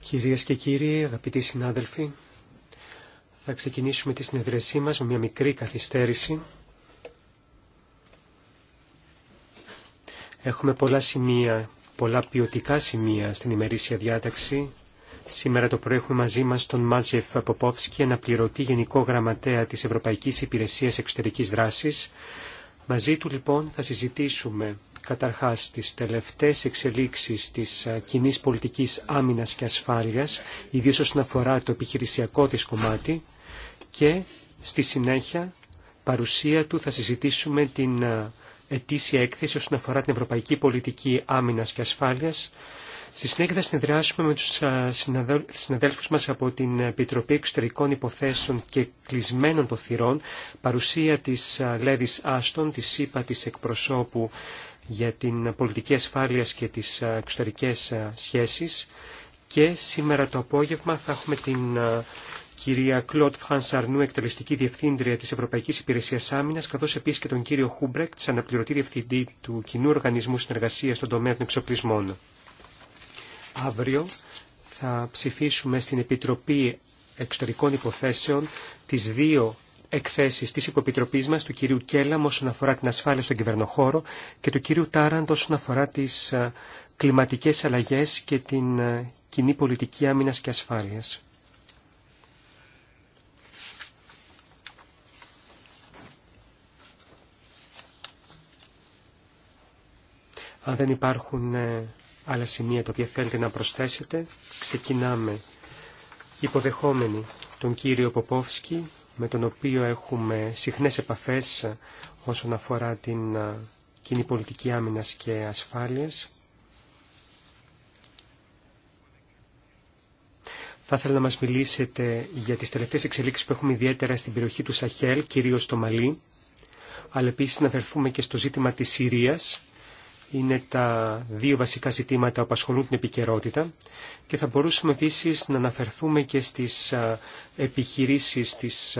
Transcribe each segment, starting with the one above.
Κυρίες και κύριοι, αγαπητοί συνάδελφοι, θα ξεκινήσουμε τη συνεδρίασή μας με μια μικρή καθυστέρηση. Έχουμε πολλά σημεία, πολλά ποιοτικά σημεία στην ημερήσια διάταξη. Σήμερα το πρωί έχουμε μαζί μας τον Μάτζεφ Ποπόφσκι, αναπληρωτή Γενικό Γραμματέα της Ευρωπαϊκής Υπηρεσίας Εξωτερικής Δράσης. Μαζί του λοιπόν θα συζητήσουμε Καταρχάς, τις τελευταίες εξελίξεις της κοινή πολιτικής άμυνας και ασφάλειας, ιδίως όσον αφορά το επιχειρησιακό της κομμάτι, και στη συνέχεια παρουσία του θα συζητήσουμε την ετήσια έκθεση όσον αφορά την Ευρωπαϊκή Πολιτική Άμυνας και Ασφάλειας. Στη συνέχεια θα συνεδριάσουμε με τους συναδέλφους μας από την Επιτροπή Εξωτερικών Υποθέσεων και Κλεισμένων των Θυρών, παρουσία της Λέδης Άστον, της ΣΥΠΑ, της εκπροσώπου για την πολιτική ασφάλεια και τις ε, εξωτερικές ε, σχέσεις και σήμερα το απόγευμα θα έχουμε την ε, κυρία Κλοντ Φρανσαρνού, εκτελεστική διευθύντρια της Ευρωπαϊκής Υπηρεσίας Άμυνας, καθώς επίσης και τον κύριο Χούμπρεκτ, αναπληρωτή διευθυντή του Κοινού Οργανισμού Συνεργασίας στον τομέα των εξοπλισμών. Αύριο θα ψηφίσουμε στην Επιτροπή Εξωτερικών Υποθέσεων τις δύο εκθέσεις της υποπιτροπής μας, του κυρίου Κέλλαμ όσον αφορά την ασφάλεια στον κυβερνοχώρο και του κυρίου Τάραντ όσον αφορά τις ε, κλιματικές αλλαγές και την ε, κοινή πολιτική άμυνας και ασφάλειας. Αν δεν υπάρχουν ε, άλλα σημεία τα οποία θέλετε να προσθέσετε, ξεκινάμε υποδεχόμενοι τον κύριο Ποπόφσκι, με τον οποίο έχουμε συχνές επαφές όσον αφορά την κοινή πολιτική άμυνας και ασφάλειας. Θα ήθελα να μας μιλήσετε για τις τελευταίες εξελίξεις που έχουμε ιδιαίτερα στην περιοχή του Σαχέλ, κυρίως στο Μαλί, αλλά επίσης να βερθούμε και στο ζήτημα της Συρίας είναι τα δύο βασικά ζητήματα που απασχολούν την επικαιρότητα και θα μπορούσαμε επίσης να αναφερθούμε και στις επιχειρήσεις της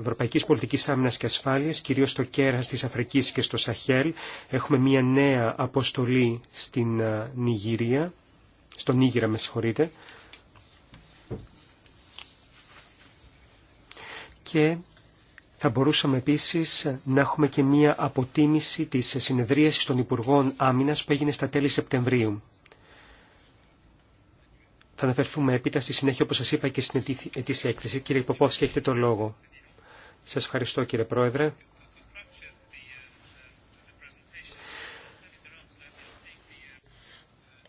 Ευρωπαϊκής Πολιτικής Άμυνας και Ασφάλειας, κυρίως στο Κέρα, της Αφρικής και στο Σαχέλ. Έχουμε μια νέα αποστολή στην Νιγηρία, στον Νίγηρα με συγχωρείτε, και θα μπορούσαμε επίσης να έχουμε και μία αποτίμηση της συνεδρίασης των Υπουργών Άμυνας που έγινε στα τέλη Σεπτεμβρίου. Θα αναφερθούμε έπειτα στη συνέχεια, όπως σας είπα, και στην ετήσια έκθεση. Κύριε Ποπόφσκι, έχετε το λόγο. Σας ευχαριστώ, κύριε Πρόεδρε.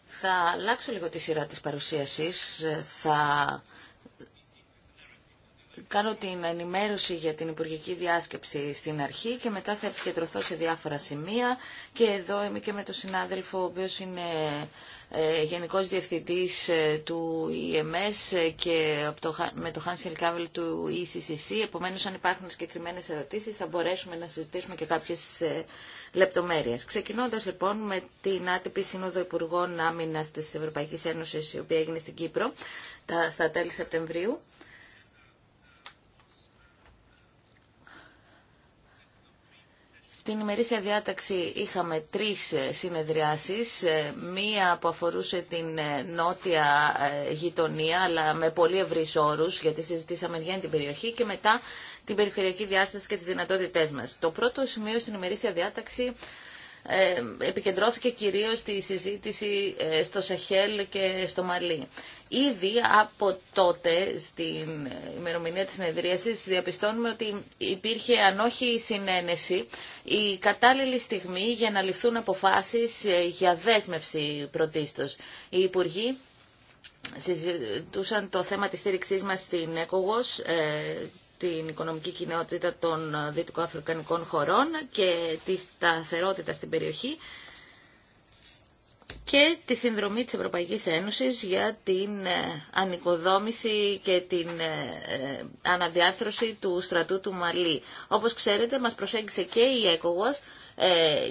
Θα αλλάξω λίγο τη σειρά της παρουσίασης. Θα κάνω την ενημέρωση για την Υπουργική Διάσκεψη στην αρχή και μετά θα επικεντρωθώ σε διάφορα σημεία και εδώ είμαι και με τον συνάδελφο ο οποίος είναι ε, Γενικός Διευθυντής ε, του IMS και με το Hansel Κάβελ του ECCC. Επομένως, αν υπάρχουν συγκεκριμένες ερωτήσεις, θα μπορέσουμε να συζητήσουμε και κάποιες ε, λεπτομέρειες. Ξεκινώντας λοιπόν με την άτυπη Σύνοδο Υπουργών Άμυνας της Ευρωπαϊκής Ένωσης, η οποία έγινε στην Κύπρο στα τέλη Σεπτεμβρίου. Στην ημερήσια διάταξη είχαμε τρεις ε, συνεδριάσεις, ε, μία που αφορούσε την ε, νότια γειτονία, αλλά με πολύ ευρύς όρους, γιατί συζητήσαμε για την περιοχή και μετά την περιφερειακή διάσταση και τις δυνατότητές μας. Το πρώτο σημείο στην ημερήσια διάταξη ε, επικεντρώθηκε κυρίως στη συζήτηση ε, στο Σαχέλ και στο Μαλί. Ήδη από τότε, στην ημερομηνία της συνεδρίασης, διαπιστώνουμε ότι υπήρχε, αν όχι η συνένεση, η κατάλληλη στιγμή για να ληφθούν αποφάσεις ε, για δέσμευση πρωτίστως. Οι Υπουργοί συζητούσαν το θέμα της στήριξής μας στην ΕΚΟΓΟΣ την οικονομική κοινότητα των δυτικοαφρικανικών χωρών και τη σταθερότητα στην περιοχή και τη συνδρομή της Ευρωπαϊκής Ένωσης για την ε, ανοικοδόμηση και την ε, ε, αναδιάρθρωση του στρατού του Μαλή. Όπως ξέρετε, μας προσέγγισε και η ΕΚΟΓΟΣ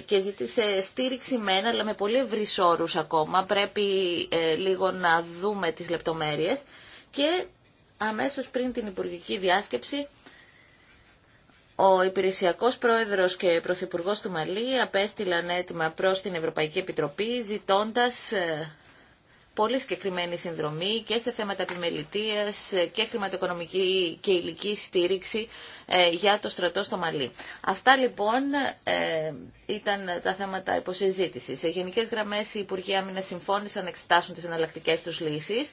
και ζήτησε στήριξη ένα, αλλά με πολύ ευρύς ακόμα. Πρέπει λίγο να δούμε τις λεπτομέρειες. Και αμέσως πριν την Υπουργική Διάσκεψη, ο υπηρεσιακός πρόεδρος και πρωθυπουργός του Μαλή απέστειλαν έτοιμα προς την Ευρωπαϊκή Επιτροπή ζητώντας ε, πολύ συγκεκριμένη συνδρομή και σε θέματα επιμελητίας ε, και χρηματοοικονομική και υλική στήριξη ε, για το στρατό στο Μαλή. Αυτά λοιπόν ήταν τα θέματα υποσυζήτησης. Σε γενικές γραμμές οι Υπουργοί Άμυνα συμφώνησαν να εξετάσουν τις εναλλακτικέ τους λύσεις.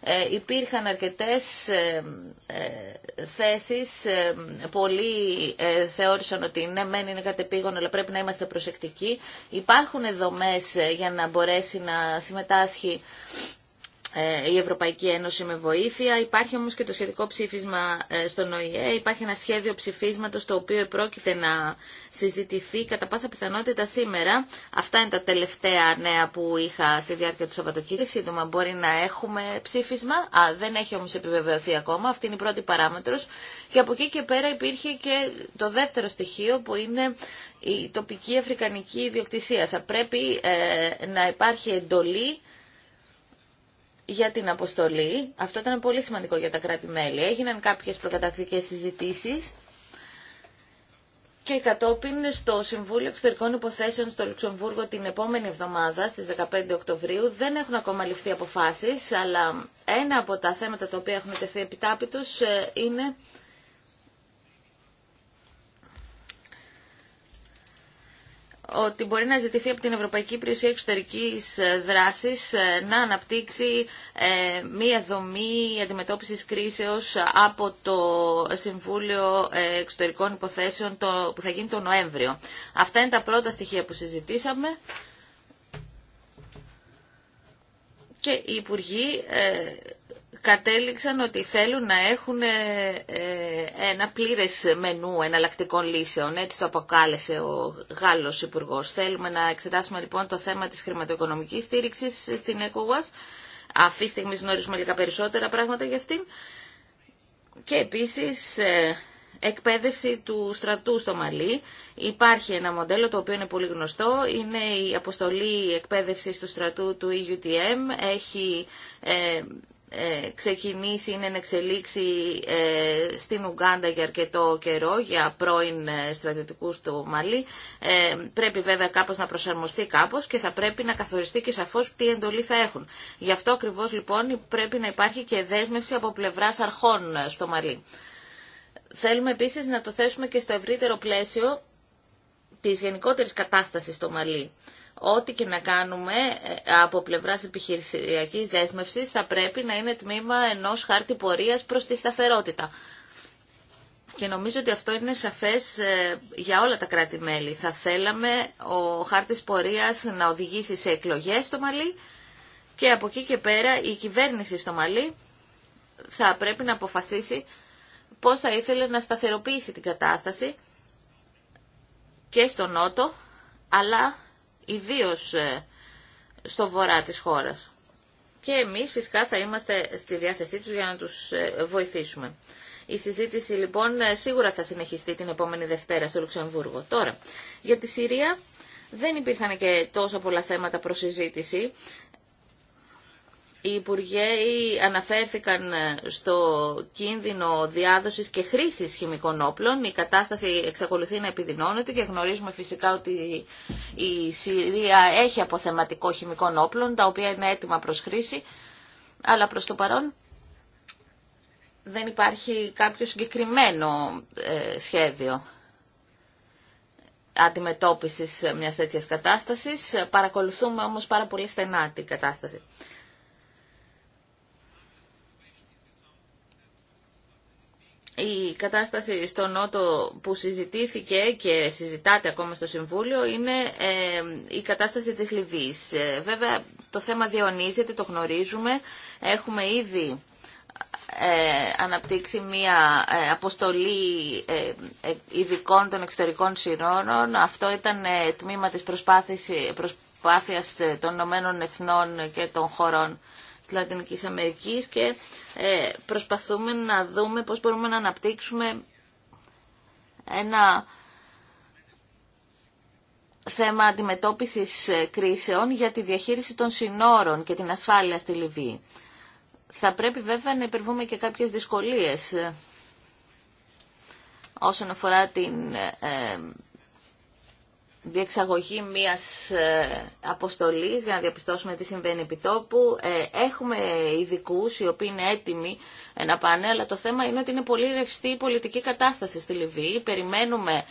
Ε, υπήρχαν αρκετές ε, ε, θέσεις. Πολλοί θεώρησαν ότι ναι, μένει είναι κατεπήγον, αλλά πρέπει να είμαστε προσεκτικοί. Υπάρχουν δομές για να μπορέσει να συμμετάσχει ε, η Ευρωπαϊκή Ένωση με βοήθεια. Υπάρχει όμως και το σχετικό ψήφισμα ε, στον ΟΗΕ. Υπάρχει ένα σχέδιο ψηφίσματος το οποίο πρόκειται να συζητηθεί κατά πάσα πιθανότητα σήμερα. Αυτά είναι τα τελευταία νέα που είχα στη διάρκεια του Σαββατοκύριακου. Σύντομα μπορεί να έχουμε ψήφισμα. Α, δεν έχει όμως επιβεβαιωθεί ακόμα. Αυτή είναι η πρώτη παράμετρος. Και από εκεί και πέρα υπήρχε και το δεύτερο στοιχείο που είναι η τοπική αφρικανική ιδιοκτησία. Θα πρέπει ε, να υπάρχει εντολή για την αποστολή. Αυτό ήταν πολύ σημαντικό για τα κράτη-μέλη. Έγιναν κάποιες προκατακτικές συζητήσεις και κατόπιν στο Συμβούλιο Εξωτερικών Υποθέσεων στο Λουξεμβούργο την επόμενη εβδομάδα στις 15 Οκτωβρίου δεν έχουν ακόμα ληφθεί αποφάσεις, αλλά ένα από τα θέματα τα οποία έχουν τεθεί επιτάπητος ε, είναι ότι μπορεί να ζητηθεί από την Ευρωπαϊκή Υπηρεσία Εξωτερικής Δράσης ε, να αναπτύξει ε, μία δομή αντιμετώπισης κρίσεως από το Συμβούλιο ε, Εξωτερικών Υποθέσεων που θα γίνει τον Νοέμβριο. Αυτά είναι τα πρώτα στοιχεία που συζητήσαμε. Και οι Υπουργοί κατέληξαν ότι θέλουν να έχουν ε, ε, ένα πλήρες μενού εναλλακτικών λύσεων. Έτσι το αποκάλεσε ο Γάλλος υπουργό. Θέλουμε να εξετάσουμε λοιπόν το θέμα της χρηματοοικονομικής στήριξης στην ΕΚΟΓΑΣ. Αυτή τη στιγμή γνωρίζουμε λίγα περισσότερα πράγματα για αυτήν. Και επίσης ε, εκπαίδευση του στρατού στο Μαλί. Υπάρχει ένα μοντέλο το οποίο είναι πολύ γνωστό. Είναι η αποστολή εκπαίδευση του στρατού του EUTM. Έχει ε, ε, ξεκινήσει, είναι να εξελίξει ε, στην Ουγγάντα για αρκετό καιρό για πρώην ε, στρατιωτικούς του Μαλή. Ε, πρέπει βέβαια κάπως να προσαρμοστεί κάπως και θα πρέπει να καθοριστεί και σαφώς τι εντολή θα έχουν. Γι' αυτό ακριβώς λοιπόν πρέπει να υπάρχει και δέσμευση από πλευράς αρχών ε, στο Μαλή. Θέλουμε επίσης να το θέσουμε και στο ευρύτερο πλαίσιο της γενικότερης κατάστασης στο Μαλή ό,τι και να κάνουμε ε, από πλευράς επιχειρησιακής δέσμευσης θα πρέπει να είναι τμήμα ενός χάρτη πορείας προς τη σταθερότητα. Και νομίζω ότι αυτό είναι σαφές ε, για όλα τα κράτη-μέλη. Θα θέλαμε ο χάρτης πορείας να οδηγήσει σε εκλογές στο Μαλί και από εκεί και πέρα η κυβέρνηση στο Μαλί θα πρέπει να αποφασίσει πώς θα ήθελε να σταθεροποιήσει την κατάσταση και στο Νότο, αλλά ιδίως ε, στο βορρά της χώρας. Και εμείς φυσικά θα είμαστε στη διάθεσή τους για να τους ε, βοηθήσουμε. Η συζήτηση λοιπόν ε, σίγουρα θα συνεχιστεί την επόμενη Δευτέρα στο Λουξεμβούργο. Τώρα, για τη Συρία δεν υπήρχαν και τόσο πολλά θέματα προς συζήτηση οι Υπουργοί αναφέρθηκαν ε, στο κίνδυνο διάδοσης και χρήσης χημικών όπλων. Η κατάσταση εξακολουθεί να επιδεινώνεται και γνωρίζουμε φυσικά ότι η Συρία έχει αποθεματικό χημικών όπλων, τα οποία είναι έτοιμα προς χρήση, αλλά προς το παρόν δεν υπάρχει κάποιο συγκεκριμένο ε, σχέδιο αντιμετώπισης μιας τέτοιας κατάστασης. Παρακολουθούμε όμως πάρα πολύ στενά την κατάσταση. η κατάσταση στο Νότο που συζητήθηκε και συζητάται ακόμα στο Συμβούλιο είναι ε, η κατάσταση της Λιβύης. Ε, βέβαια το θέμα διονύζεται, το γνωρίζουμε. Έχουμε ήδη ε, αναπτύξει μία αποστολή ειδικών των εξωτερικών συνόρων. Αυτό ήταν τμήμα της προσπάθειας των Ηνωμένων Εθνών και των χωρών της Λατινικής Αμερικής και ε, προσπαθούμε να δούμε πώς μπορούμε να αναπτύξουμε ένα θέμα αντιμετώπισης ε, κρίσεων για τη διαχείριση των συνόρων και την ασφάλεια στη Λιβύη. Θα πρέπει βέβαια να υπερβούμε και κάποιες δυσκολίες ε, όσον αφορά την διεξαγωγή μιας ε, αποστολής για να διαπιστώσουμε τι συμβαίνει επί τόπου. Ε, έχουμε ειδικού οι οποίοι είναι έτοιμοι ε, να πάνε, αλλά το θέμα είναι ότι είναι πολύ ρευστή η πολιτική κατάσταση στη Λιβύη. Περιμένουμε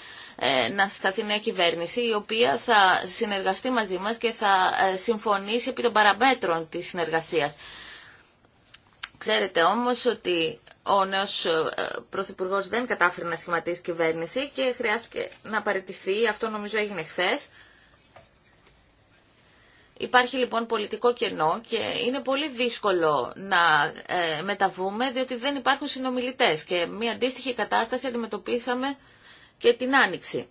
να σταθεί νέα κυβέρνηση η οποία θα συνεργαστεί μαζί μας και θα συμφωνήσει επί των παραμέτρων της συνεργασίας. Ξέρετε όμως ότι ο νέος ε, πρωθυπουργός δεν κατάφερε να σχηματίσει κυβέρνηση και χρειάστηκε να παραιτηθεί. Αυτό νομίζω έγινε χθε. Υπάρχει λοιπόν πολιτικό κενό και είναι πολύ δύσκολο να ε, μεταβούμε διότι δεν υπάρχουν συνομιλητές και μια αντίστοιχη κατάσταση αντιμετωπίσαμε και την Άνοιξη.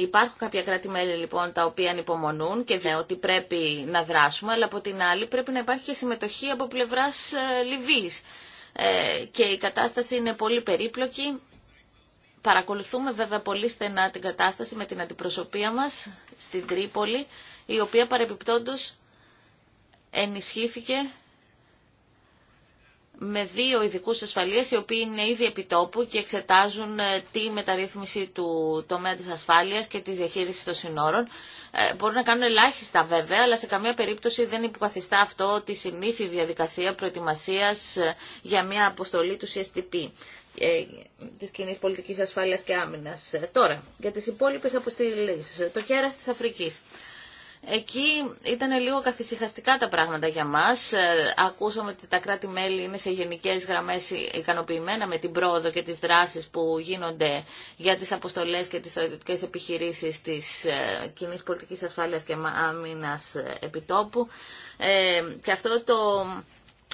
Υπάρχουν κάποια κράτη-μέλη λοιπόν τα οποία ανυπομονούν και δε ότι πρέπει να δράσουμε, αλλά από την άλλη πρέπει να υπάρχει και συμμετοχή από πλευράς ε, Λιβύης. Ε, και η κατάσταση είναι πολύ περίπλοκη. Παρακολουθούμε βέβαια πολύ στενά την κατάσταση με την αντιπροσωπεία μας στην Τρίπολη, η οποία παρεπιπτόντως ενισχύθηκε με δύο ειδικού ασφαλείες οι οποίοι είναι ήδη επιτόπου και εξετάζουν ε, τη μεταρρύθμιση του τομέα της ασφάλειας και τη διαχείριση των συνόρων. Ε, μπορούν να κάνουν ελάχιστα βέβαια, αλλά σε καμία περίπτωση δεν υποκαθιστά αυτό τη συνήθη διαδικασία προετοιμασίας ε, για μια αποστολή του CSTP τη κοινή πολιτική ασφάλεια και άμυνα. Τώρα, για τι υπόλοιπε αποστηλίε, το κέρα τη Αφρική. Εκεί ήταν λίγο καθησυχαστικά τα πράγματα για μας. Ε, ακούσαμε ότι τα κράτη-μέλη είναι σε γενικές γραμμές ικανοποιημένα με την πρόοδο και τις δράσεις που γίνονται για τις αποστολές και τις στρατιωτικές επιχειρήσεις της ε, κοινή πολιτικής ασφάλειας και άμυνας ε, επιτόπου. Και αυτό το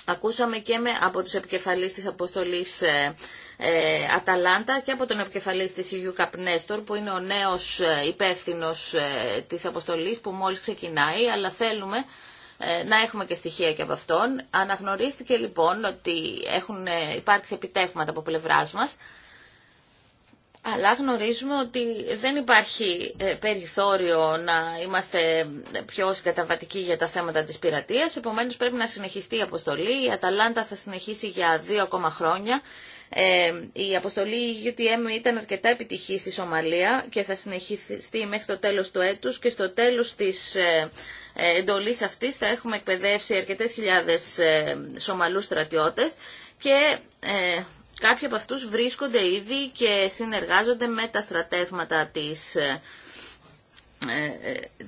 Ακούσαμε και με, από τους επικεφαλείς της αποστολής ε, ε Αταλάντα και από τον επικεφαλής της EU Καπνέστορ που είναι ο νέος ε, υπεύθυνο ε, της αποστολής που μόλις ξεκινάει αλλά θέλουμε να έχουμε και στοιχεία και από αυτόν. Αναγνωρίστηκε λοιπόν ότι έχουν υπάρξει επιτεύγματα από πλευράς μας αλλά γνωρίζουμε ότι δεν υπάρχει ε, περιθώριο να είμαστε πιο συγκαταβατικοί για τα θέματα της πειρατείας, επομένως πρέπει να συνεχιστεί η αποστολή. Η Αταλάντα θα συνεχίσει για δύο ακόμα χρόνια. Ε, η αποστολή UTM ήταν αρκετά επιτυχή στη Σομαλία και θα συνεχιστεί μέχρι το τέλος του έτους και στο τέλος της ε, εντολής αυτής θα έχουμε εκπαιδεύσει αρκετές χιλιάδες Σομαλούς στρατιώτες και Κάποιοι από αυτούς βρίσκονται ήδη και συνεργάζονται με τα στρατεύματα της, ε, ε,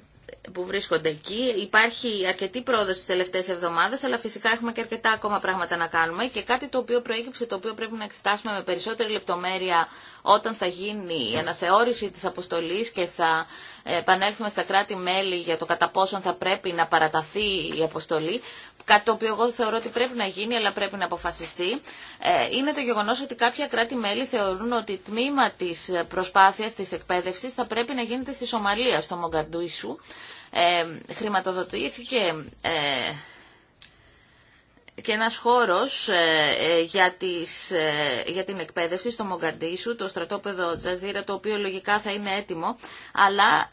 που βρίσκονται εκεί. Υπάρχει αρκετή πρόοδο στις τελευταίες εβδομάδες, αλλά φυσικά έχουμε και αρκετά ακόμα πράγματα να κάνουμε και κάτι το οποίο προέκυψε, το οποίο πρέπει να εξετάσουμε με περισσότερη λεπτομέρεια όταν θα γίνει η αναθεώρηση της αποστολή και θα επανέλθουμε στα κράτη-μέλη για το κατά πόσον θα πρέπει να παραταθεί η αποστολή κάτι το οποίο εγώ θεωρώ ότι πρέπει να γίνει αλλά πρέπει να αποφασιστεί, ε, είναι το γεγονός ότι κάποια κράτη-μέλη θεωρούν ότι τμήμα της προσπάθειας της εκπαίδευσης θα πρέπει να γίνεται στη Σομαλία, στο Μογκαντούισου. Ε, χρηματοδοτήθηκε ε, και ένας χώρος ε, ε, για, τις, ε, για την εκπαίδευση στο Μογκαντήσου, το στρατόπεδο Τζαζίρα, το οποίο λογικά θα είναι έτοιμο. Αλλά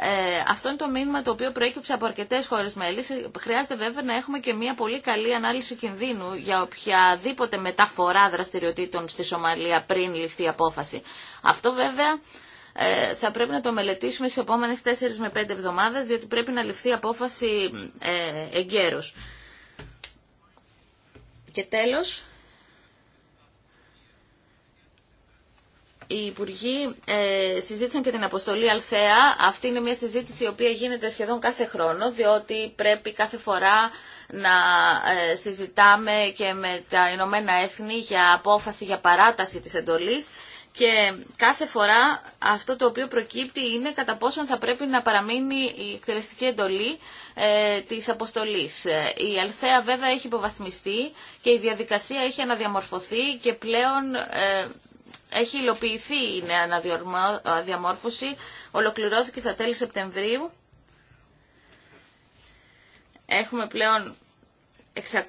αυτό είναι το μήνυμα το οποίο προέκυψε από αρκετέ χώρε μέλη. Χρειάζεται βέβαια να έχουμε και μια πολύ καλή ανάλυση κινδύνου για οποιαδήποτε μεταφορά δραστηριοτήτων στη Σομαλία πριν ληφθεί απόφαση. Αυτό βέβαια θα πρέπει να το μελετήσουμε στις επόμενες 4 με 5 εβδομάδες, διότι πρέπει να ληφθεί απόφαση ε, και τέλος, οι υπουργοί ε, συζήτησαν και την αποστολή Αλθέα. Αυτή είναι μια συζήτηση η οποία γίνεται σχεδόν κάθε χρόνο, διότι πρέπει κάθε φορά να ε, συζητάμε και με τα Ηνωμένα Έθνη για απόφαση για παράταση της εντολής και κάθε φορά αυτό το οποίο προκύπτει είναι κατά πόσον θα πρέπει να παραμείνει η εκτελεστική εντολή ε, της αποστολής. Ε, η Αλθέα βέβαια έχει υποβαθμιστεί και η διαδικασία έχει αναδιαμορφωθεί και πλέον ε, έχει υλοποιηθεί η νέα αναδιαμόρφωση. Ολοκληρώθηκε στα τέλη Σεπτεμβρίου. Έχουμε πλέον 600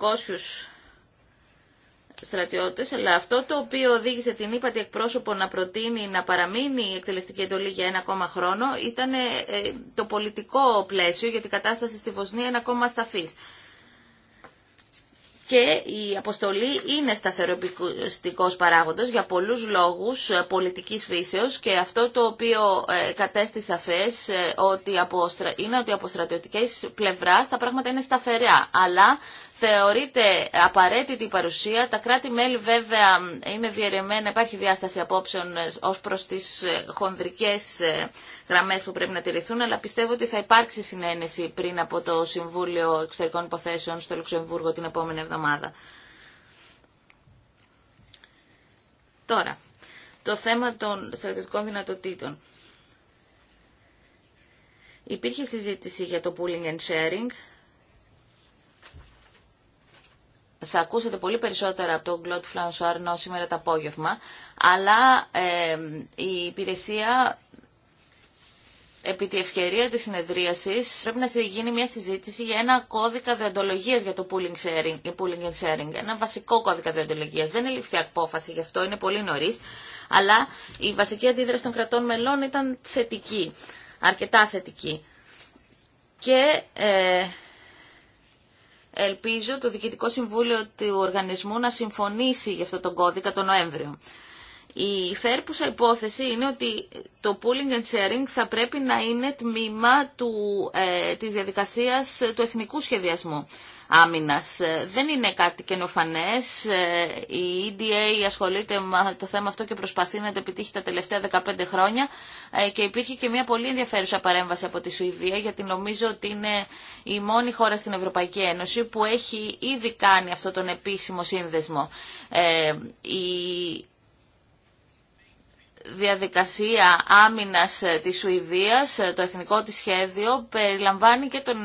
στρατιώτες, αλλά αυτό το οποίο οδήγησε την ύπατη εκπρόσωπο να προτείνει να παραμείνει η εκτελεστική εντολή για ένα ακόμα χρόνο ήταν ε, το πολιτικό πλαίσιο για την κατάσταση στη Βοσνία είναι ακόμα σταθή. Και η αποστολή είναι σταθεροποιητικός παράγοντας για πολλούς λόγους ε, πολιτικής φύσεως και αυτό το οποίο ε, κατέστη σαφές είναι ότι από στρατιωτικές πλευράς τα πράγματα είναι σταθερά. Αλλά θεωρείται απαραίτητη η παρουσία. Τα κράτη-μέλη βέβαια είναι διαιρεμένα, υπάρχει διάσταση απόψεων ε, ως προς τις ε, χονδρικές ε, γραμμές που πρέπει να τηρηθούν, αλλά πιστεύω ότι θα υπάρξει συνένεση πριν από το Συμβούλιο Εξωτερικών Υποθέσεων στο Λουξεμβούργο την επόμενη εβδομάδα. Τώρα, το θέμα των στρατιωτικών δυνατοτήτων. Υπήρχε συζήτηση για το pooling and sharing, θα ακούσετε πολύ περισσότερα από τον Κλοντ Φλανσουάρνο σήμερα το απόγευμα, αλλά η υπηρεσία επί τη ευκαιρία της συνεδρίασης πρέπει να γίνει μια συζήτηση για ένα κώδικα διοντολογίας για το pooling, sharing, pooling and sharing, ένα βασικό κώδικα διοντολογίας. Δεν είναι ληφθή απόφαση γι' αυτό, είναι πολύ νωρί, αλλά η βασική αντίδραση των κρατών μελών ήταν θετική, αρκετά θετική. Και ε, Ελπίζω το Διοικητικό Συμβούλιο του Οργανισμού να συμφωνήσει για αυτό τον κώδικα τον Νοέμβριο. Η φέρπουσα υπόθεση είναι ότι το pooling and sharing θα πρέπει να είναι τμήμα του, ε, της διαδικασίας του εθνικού σχεδιασμού άμυνας. Ε, δεν είναι κάτι καινοφανές. Ε, η EDA ασχολείται με το θέμα αυτό και προσπαθεί να το επιτύχει τα τελευταία 15 χρόνια ε, και υπήρχε και μια πολύ ενδιαφέρουσα παρέμβαση από τη Σουηδία γιατί νομίζω ότι είναι η μόνη χώρα στην Ευρωπαϊκή Ένωση που έχει ήδη κάνει αυτό τον επίσημο σύνδεσμο. Η διαδικασία άμυνας της Σουηδίας, το εθνικό της σχέδιο, περιλαμβάνει και τον,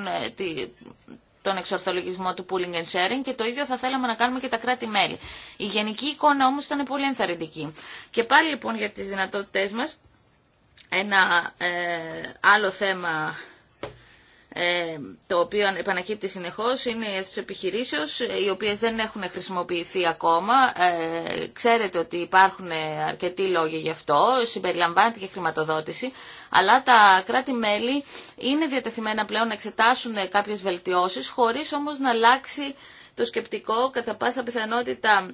τον εξορθολογισμό του pooling and sharing και το ίδιο θα θέλαμε να κάνουμε και τα κράτη-μέλη. Η γενική εικόνα όμως ήταν πολύ ενθαρρυντική. Και πάλι λοιπόν για τις δυνατότητές μας, ένα ε, άλλο θέμα ε, το οποίο επανακύπτει συνεχώς είναι οι αίθουσες επιχειρήσεως οι οποίες δεν έχουν χρησιμοποιηθεί ακόμα ε, ξέρετε ότι υπάρχουν αρκετοί λόγοι γι' αυτό συμπεριλαμβάνεται και χρηματοδότηση αλλά τα κράτη-μέλη είναι διατεθειμένα πλέον να εξετάσουν κάποιες βελτιώσεις χωρίς όμως να αλλάξει το σκεπτικό κατά πάσα πιθανότητα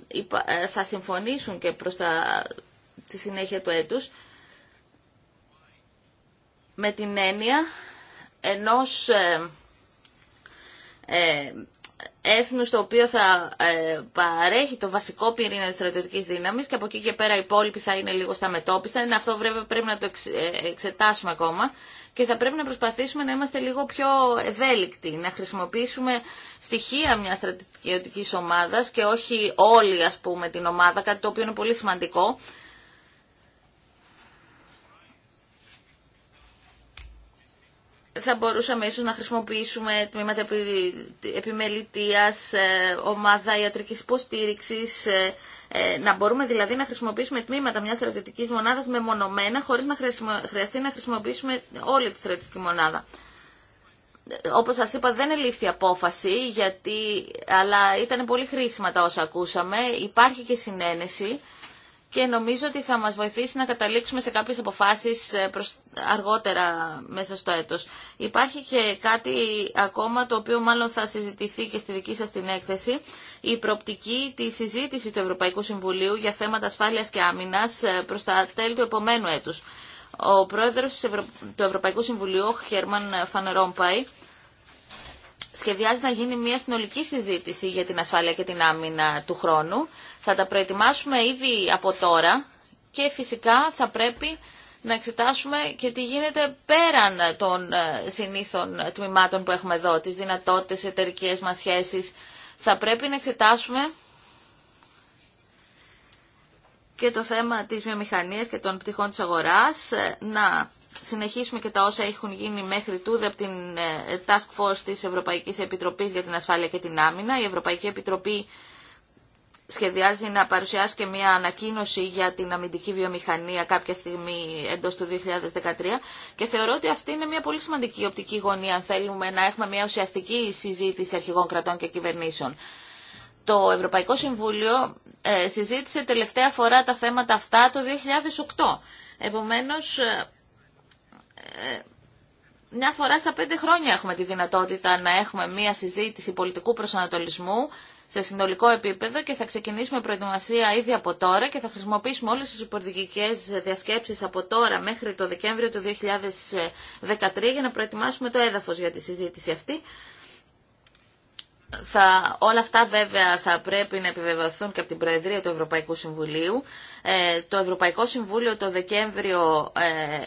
ε, θα συμφωνήσουν και προς τα... τη συνέχεια του έτους με την έννοια ενός ε, ε, έθνους το οποίο θα ε, παρέχει το βασικό πυρήνα της στρατιωτικής δύναμης και από εκεί και πέρα οι υπόλοιποι θα είναι λίγο στα μετόπιστα. Είναι αυτό βέβαια πρέπει να το εξετάσουμε ακόμα και θα πρέπει να προσπαθήσουμε να είμαστε λίγο πιο ευέλικτοι, να χρησιμοποιήσουμε στοιχεία μιας στρατιωτικής ομάδας και όχι όλη ας πούμε την ομάδα, κάτι το οποίο είναι πολύ σημαντικό θα μπορούσαμε ίσως να χρησιμοποιήσουμε τμήματα επι, επιμελητίας, ε, ομάδα ιατρικής υποστήριξης, ε, ε, να μπορούμε δηλαδή να χρησιμοποιήσουμε τμήματα μιας στρατιωτικής μονάδας μεμονωμένα, χωρίς να χρειαστεί να χρησιμοποιήσουμε όλη τη στρατιωτική μονάδα. Όπως σας είπα δεν ελήφθη απόφαση, γιατί, αλλά ήταν πολύ χρήσιμα τα όσα ακούσαμε. Υπάρχει και συνένεση και νομίζω ότι θα μας βοηθήσει να καταλήξουμε σε κάποιες αποφάσεις ε, προς αργότερα μέσα στο έτος. Υπάρχει και κάτι ακόμα το οποίο μάλλον θα συζητηθεί και στη δική σας την έκθεση. Η προπτική τη συζήτηση του Ευρωπαϊκού Συμβουλίου για θέματα ασφάλειας και άμυνας ε, προς τα τέλη του επομένου έτους. Ο πρόεδρος του Ευρωπαϊκού Συμβουλίου, Χέρμαν Φανερόμπαϊ, σχεδιάζει να γίνει μια συνολική συζήτηση για την ασφάλεια και την άμυνα του χρόνου. Θα τα προετοιμάσουμε ήδη από τώρα και φυσικά θα πρέπει να εξετάσουμε και τι γίνεται πέραν των ε, συνήθων τμήματων που έχουμε εδώ, τις δυνατότητες εταιρικέ μας σχέσεις. Θα πρέπει να εξετάσουμε και το θέμα της βιομηχανίας και των πτυχών της αγοράς, ε, να συνεχίσουμε και τα όσα έχουν γίνει μέχρι τούδε από την ε, Task Force της Ευρωπαϊκής Επιτροπής για την Ασφάλεια και την Άμυνα. Η Ευρωπαϊκή Επιτροπή σχεδιάζει να παρουσιάσει και μια ανακοίνωση για την αμυντική βιομηχανία κάποια στιγμή εντός του 2013 και θεωρώ ότι αυτή είναι μια πολύ σημαντική οπτική γωνία αν θέλουμε να έχουμε μια ουσιαστική συζήτηση αρχηγών κρατών και κυβερνήσεων. Το Ευρωπαϊκό Συμβούλιο ε, συζήτησε τελευταία φορά τα θέματα αυτά το 2008. Επομένως, ε, μια φορά στα πέντε χρόνια έχουμε τη δυνατότητα να έχουμε μια συζήτηση πολιτικού προσανατολισμού σε συνολικό επίπεδο και θα ξεκινήσουμε προετοιμασία ήδη από τώρα και θα χρησιμοποιήσουμε όλες τις υπορδικικές διασκέψεις από τώρα μέχρι το Δεκέμβριο του 2013 για να προετοιμάσουμε το έδαφος για τη συζήτηση αυτή θα, όλα αυτά βέβαια θα πρέπει να επιβεβαιωθούν και από την Προεδρία του Ευρωπαϊκού Συμβουλίου. Ε, το Ευρωπαϊκό Συμβούλιο το Δεκέμβριο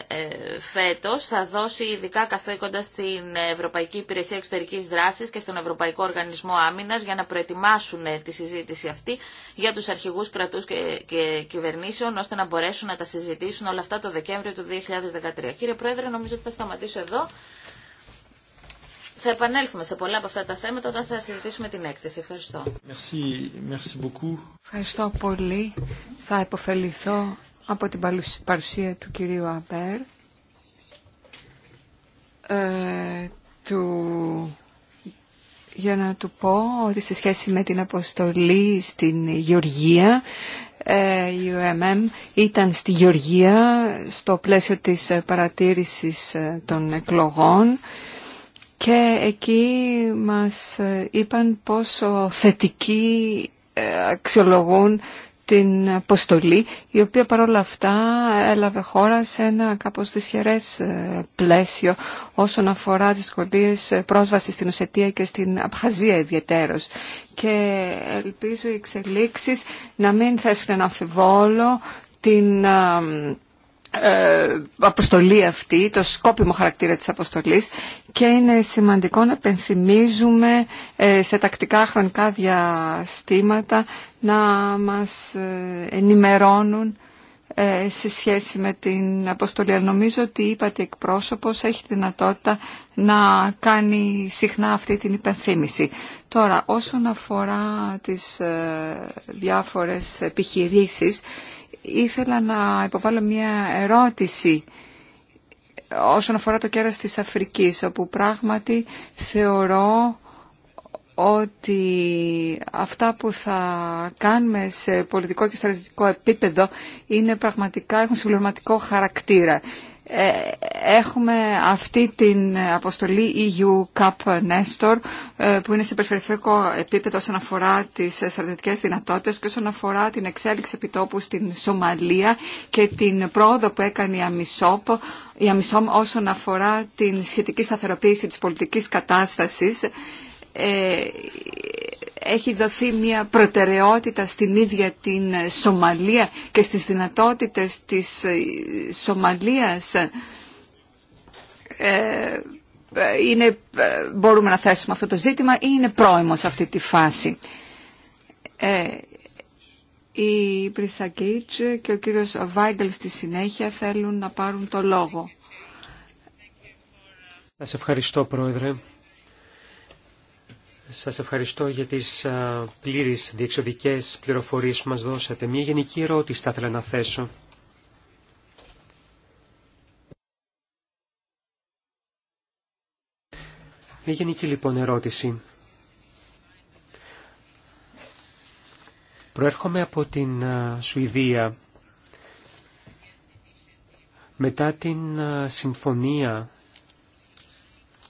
ε, ε φέτος θα δώσει ειδικά καθέκοντα στην Ευρωπαϊκή Υπηρεσία Εξωτερικής Δράσης και στον Ευρωπαϊκό Οργανισμό Άμυνας για να προετοιμάσουν τη συζήτηση αυτή για τους αρχηγούς κρατούς και, και κυβερνήσεων ώστε να μπορέσουν να τα συζητήσουν όλα αυτά το Δεκέμβριο του 2013. Κύριε Πρόεδρε, νομίζω ότι θα σταματήσω εδώ. Θα επανέλθουμε σε πολλά από αυτά τα θέματα όταν θα συζητήσουμε την έκθεση. Ευχαριστώ. Merci, merci beaucoup. Ευχαριστώ πολύ. Θα υποφεληθώ από την παρουσία του κυρίου Αμπέρ, ε, του... για να του πω ότι σε σχέση με την αποστολή στην Γεωργία, ε, η UMM ήταν στη Γεωργία στο πλαίσιο της παρατήρησης ε, των εκλογών και εκεί μας ε, είπαν πόσο θετικοί ε, αξιολογούν την αποστολή, η οποία παρόλα αυτά έλαβε χώρα σε ένα κάπως δυσχερές ε, πλαίσιο όσον αφορά τις δυσκολίες πρόσβασης στην Οσετία και στην Απχαζία ιδιαίτερως. Και ελπίζω οι εξελίξεις να μην θέσουν ένα αμφιβόλο την ε, αποστολή αυτή, το σκόπιμο χαρακτήρα της αποστολής και είναι σημαντικό να πενθυμίζουμε ε, σε τακτικά χρονικά διαστήματα να μας ε, ενημερώνουν σε σχέση με την αποστολή. Νομίζω ότι είπατε εκπρόσωπος έχει δυνατότητα να κάνει συχνά αυτή την υπενθύμηση. Τώρα, όσον αφορά τις διάφορες επιχειρήσεις, ήθελα να υποβάλω μια ερώτηση όσον αφορά το κέρας της Αφρικής, όπου πράγματι θεωρώ ότι αυτά που θα κάνουμε σε πολιτικό και στρατιωτικό επίπεδο είναι πραγματικά, έχουν συμπληρωματικό χαρακτήρα. Ε, έχουμε αυτή την αποστολή EU Cup Nestor ε, που είναι σε περιφερειακό επίπεδο όσον αφορά τις στρατιωτικές δυνατότητες και όσον αφορά την εξέλιξη επιτόπου στην Σομαλία και την πρόοδο που έκανε η Αμισόπ η Αμισόμ όσον αφορά την σχετική σταθεροποίηση της πολιτικής κατάστασης ε, έχει δοθεί μια προτεραιότητα στην ίδια την Σομαλία και στις δυνατότητες της ε, Σομαλίας ε, ε, είναι, μπορούμε να θέσουμε αυτό το ζήτημα ή είναι πρόημο σε αυτή τη φάση. Ε, η Πρισακίτς και ο κύριος Βάγκελ στη συνέχεια θέλουν να πάρουν το λόγο. Σας ευχαριστώ Πρόεδρε. Σας ευχαριστώ για τις πλήρεις διεξοδικές πληροφορίες που μας δώσατε. Μια γενική ερώτηση θα ήθελα να θέσω. Μια γενική λοιπόν ερώτηση. Προέρχομαι από την Σουηδία. Μετά την συμφωνία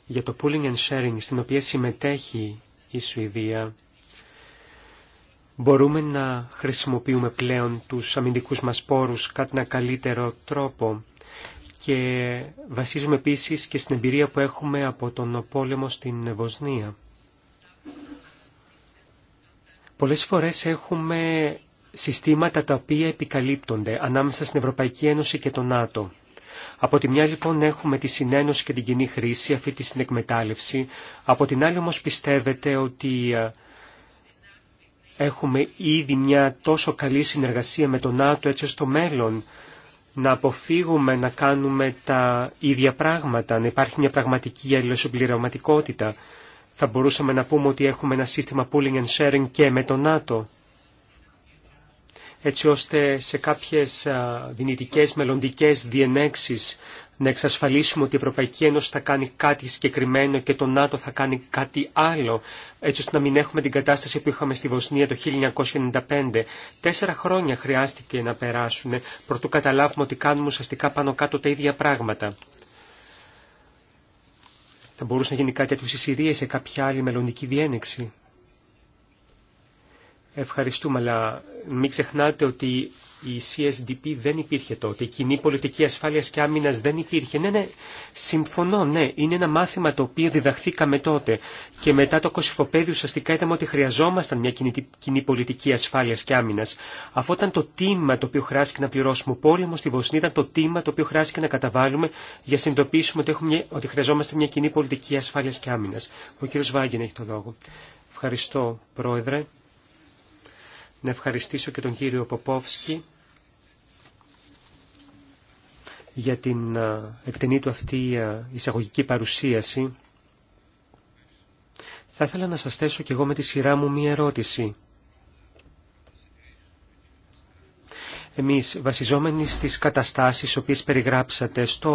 για το pooling and sharing στην οποία συμμετέχει η Σουηδία, μπορούμε να χρησιμοποιούμε πλέον τους αμυντικούς μας πόρους κάτι ένα καλύτερο τρόπο και βασίζουμε επίσης και στην εμπειρία που έχουμε από τον πόλεμο στην Βοσνία. Πολλές φορές έχουμε συστήματα τα οποία επικαλύπτονται ανάμεσα στην Ευρωπαϊκή Ένωση και τον ΝΑΤΟ. Από τη μια λοιπόν έχουμε τη συνένωση και την κοινή χρήση, αυτή τη συνεκμετάλλευση. Από την άλλη όμως πιστεύετε ότι ε, έχουμε ήδη μια τόσο καλή συνεργασία με τον ΝΑΤΟ έτσι στο μέλλον να αποφύγουμε να κάνουμε τα ίδια πράγματα, να υπάρχει μια πραγματική αλληλοσυμπληρωματικότητα. Θα μπορούσαμε να πούμε ότι έχουμε ένα σύστημα pooling and sharing και με τον ΝΑΤΟ έτσι ώστε σε κάποιες δυνητικές μελλοντικές διενέξεις να εξασφαλίσουμε ότι η Ευρωπαϊκή Ένωση θα κάνει κάτι συγκεκριμένο και το ΝΑΤΟ θα κάνει κάτι άλλο, έτσι ώστε να μην έχουμε την κατάσταση που είχαμε στη Βοσνία το 1995. Τέσσερα χρόνια χρειάστηκε να περάσουν, προτού καταλάβουμε ότι κάνουμε ουσιαστικά πάνω κάτω τα ίδια πράγματα. Θα μπορούσε να γίνει κάτι από στη Συρία σε κάποια άλλη μελλοντική διένεξη. Ευχαριστούμε, αλλά μην ξεχνάτε ότι η CSDP δεν υπήρχε τότε. Η κοινή πολιτική ασφάλεια και άμυνας δεν υπήρχε. Ναι, ναι, συμφωνώ, ναι. Είναι ένα μάθημα το οποίο διδαχθήκαμε τότε. Και μετά το Κωσυφοπέδιο ουσιαστικά είδαμε ότι χρειαζόμασταν μια κοινή, πολιτική ασφάλεια και άμυνα. Αυτό ήταν το τίμα το οποίο χρειάστηκε να πληρώσουμε. Ο πόλεμο στη Βοσνία ήταν το τίμα το οποίο χρειάστηκε να καταβάλουμε για να συνειδητοποιήσουμε ότι, ότι χρειαζόμαστε μια κοινή πολιτική ασφάλεια και άμυνα. Ο κ. Βάγκεν έχει το λόγο. Ευχαριστώ, Πρόεδρε να ευχαριστήσω και τον κύριο Ποπόφσκι για την εκτενή του αυτή εισαγωγική παρουσίαση. Θα ήθελα να σας θέσω και εγώ με τη σειρά μου μία ερώτηση. Εμείς βασιζόμενοι στις καταστάσεις οποίες περιγράψατε στο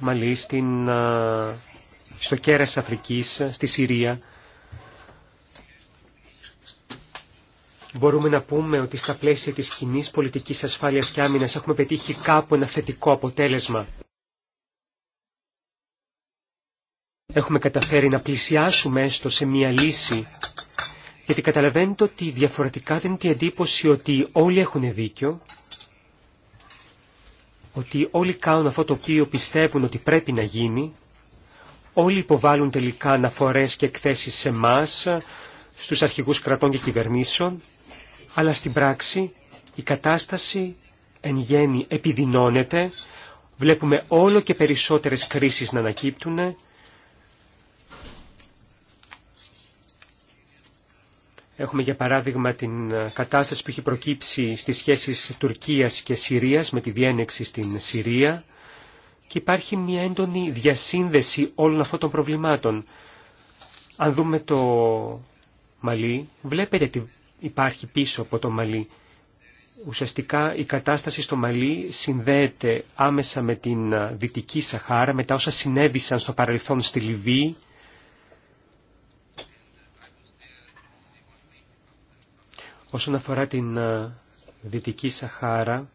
Μαλί, στην, στο κέρας Αφρικής, στη Συρία, Μπορούμε να πούμε ότι στα πλαίσια της κοινή πολιτικής ασφάλειας και άμυνας έχουμε πετύχει κάπου ένα θετικό αποτέλεσμα. Έχουμε καταφέρει να πλησιάσουμε έστω σε μία λύση, γιατί καταλαβαίνετε ότι διαφορετικά δεν την εντύπωση ότι όλοι έχουν δίκιο, ότι όλοι κάνουν αυτό το οποίο πιστεύουν ότι πρέπει να γίνει, όλοι υποβάλλουν τελικά αναφορές και εκθέσεις σε εμά, στους αρχηγούς κρατών και κυβερνήσεων, αλλά στην πράξη η κατάσταση εν γέννη επιδεινώνεται, βλέπουμε όλο και περισσότερες κρίσεις να ανακύπτουν. Έχουμε για παράδειγμα την ε, κατάσταση που έχει προκύψει στις σχέσεις Τουρκίας και Συρίας με τη διένεξη στην Συρία και υπάρχει μια έντονη διασύνδεση όλων αυτών των προβλημάτων. Αν δούμε το Μαλή, βλέπετε υπάρχει πίσω από το Μαλί. Ουσιαστικά η κατάσταση στο Μαλί συνδέεται άμεσα με την Δυτική Σαχάρα, Μετά τα όσα συνέβησαν στο παρελθόν στη Λιβύη. Όσον αφορά την Δυτική Σαχάρα,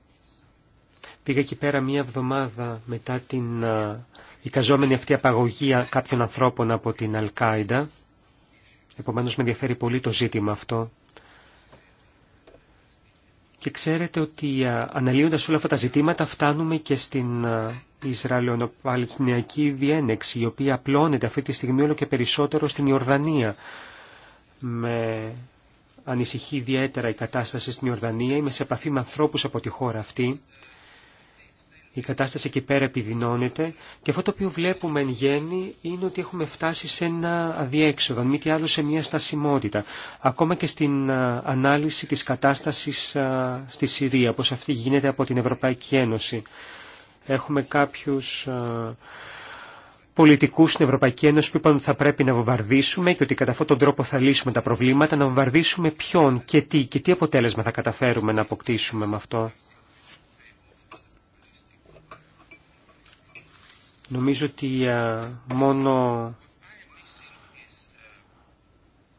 πήγα εκεί πέρα μία εβδομάδα μετά την εικαζόμενη αυτή απαγωγή κάποιων ανθρώπων από την Αλκάιντα. Επομένως με ενδιαφέρει πολύ το ζήτημα αυτό. Και ξέρετε ότι αναλύοντας όλα αυτά τα ζητήματα φτάνουμε και στην ισραηλο διένεξη, η οποία απλώνεται αυτή τη στιγμή όλο και περισσότερο στην Ιορδανία. Με ανησυχεί ιδιαίτερα η κατάσταση στην Ιορδανία, είμαι σε επαφή με ανθρώπους από τη χώρα αυτή η κατάσταση εκεί πέρα επιδεινώνεται και αυτό το οποίο βλέπουμε εν γέννη είναι ότι έχουμε φτάσει σε ένα αδιέξοδο, μη τι άλλο σε μια στασιμότητα. Ακόμα και στην ανάλυση της κατάστασης στη Συρία, όπως αυτή γίνεται από την Ευρωπαϊκή Ένωση. Έχουμε κάποιους πολιτικούς στην Ευρωπαϊκή Ένωση που είπαν ότι θα πρέπει να βομβαρδίσουμε και ότι κατά αυτόν τον τρόπο θα λύσουμε τα προβλήματα, να βομβαρδίσουμε ποιον και τι και τι αποτέλεσμα θα καταφέρουμε να αποκτήσουμε με αυτό. Νομίζω ότι μόνο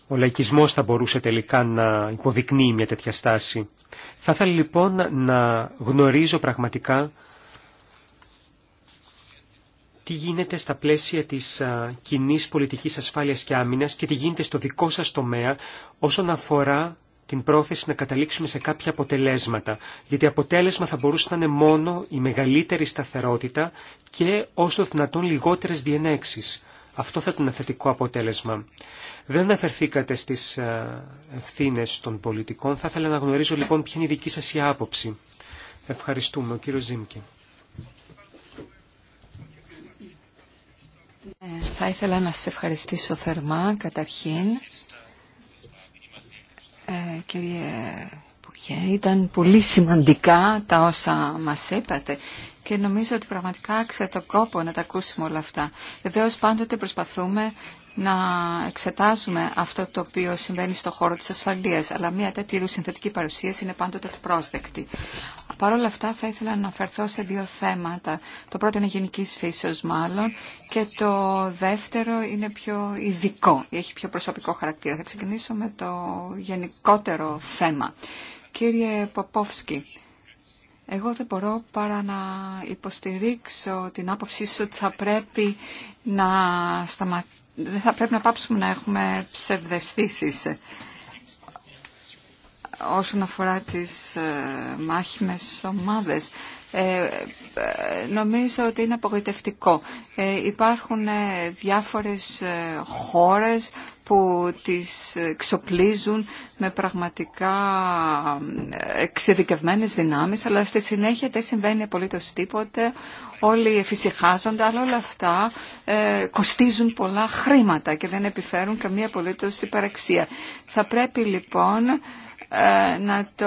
ο λαϊκισμός θα μπορούσε τελικά να υποδεικνύει μια τέτοια στάση. Θα ήθελα λοιπόν να γνωρίζω πραγματικά τι γίνεται στα πλαίσια της κοινής πολιτικής ασφάλειας και άμυνας και τι γίνεται στο δικό σας τομέα όσον αφορά την πρόθεση να καταλήξουμε σε κάποια αποτελέσματα, γιατί αποτέλεσμα θα μπορούσε να είναι μόνο η μεγαλύτερη σταθερότητα και όσο δυνατόν λιγότερες διενέξεις. Αυτό θα ήταν ένα θετικό αποτέλεσμα. Δεν αναφερθήκατε στις ε, ευθύνε των πολιτικών. Θα ήθελα να γνωρίζω λοιπόν ποια είναι η δική σας η άποψη. Ευχαριστούμε. Ο κύριος Ζήμκη. Ε, θα ήθελα να σας ευχαριστήσω θερμά καταρχήν ε, κύριε Υπουργέ. Ήταν πολύ σημαντικά τα όσα μας είπατε και νομίζω ότι πραγματικά άξιζε το κόπο να τα ακούσουμε όλα αυτά. Βεβαίω πάντοτε προσπαθούμε να εξετάζουμε αυτό το οποίο συμβαίνει στο χώρο της ασφαλείας, αλλά μια τέτοιου είδους συνθετική παρουσίαση είναι πάντοτε ευπρόσδεκτη. Παρ' όλα αυτά θα ήθελα να αναφερθώ σε δύο θέματα. Το πρώτο είναι γενικής φύσεως μάλλον και το δεύτερο είναι πιο ειδικό, έχει πιο προσωπικό χαρακτήρα. Θα ξεκινήσω με το γενικότερο θέμα. Κύριε Ποπόφσκι, εγώ δεν μπορώ παρά να υποστηρίξω την άποψή σου ότι θα πρέπει να σταματήσω δεν θα πρέπει να πάψουμε να έχουμε ψευδεστήσεις όσον αφορά τις ε, μάχημες ομάδες. Ε, νομίζω ότι είναι απογοητευτικό. Ε, υπάρχουν ε, διάφορες χώρες που τις εξοπλίζουν με πραγματικά εξειδικευμένες δυνάμεις, αλλά στη συνέχεια δεν συμβαίνει απολύτως τίποτε, όλοι εφησυχάζονται, αλλά όλα αυτά κοστίζουν πολλά χρήματα και δεν επιφέρουν καμία απολύτως υπεραξία. Θα πρέπει λοιπόν ε, να, το,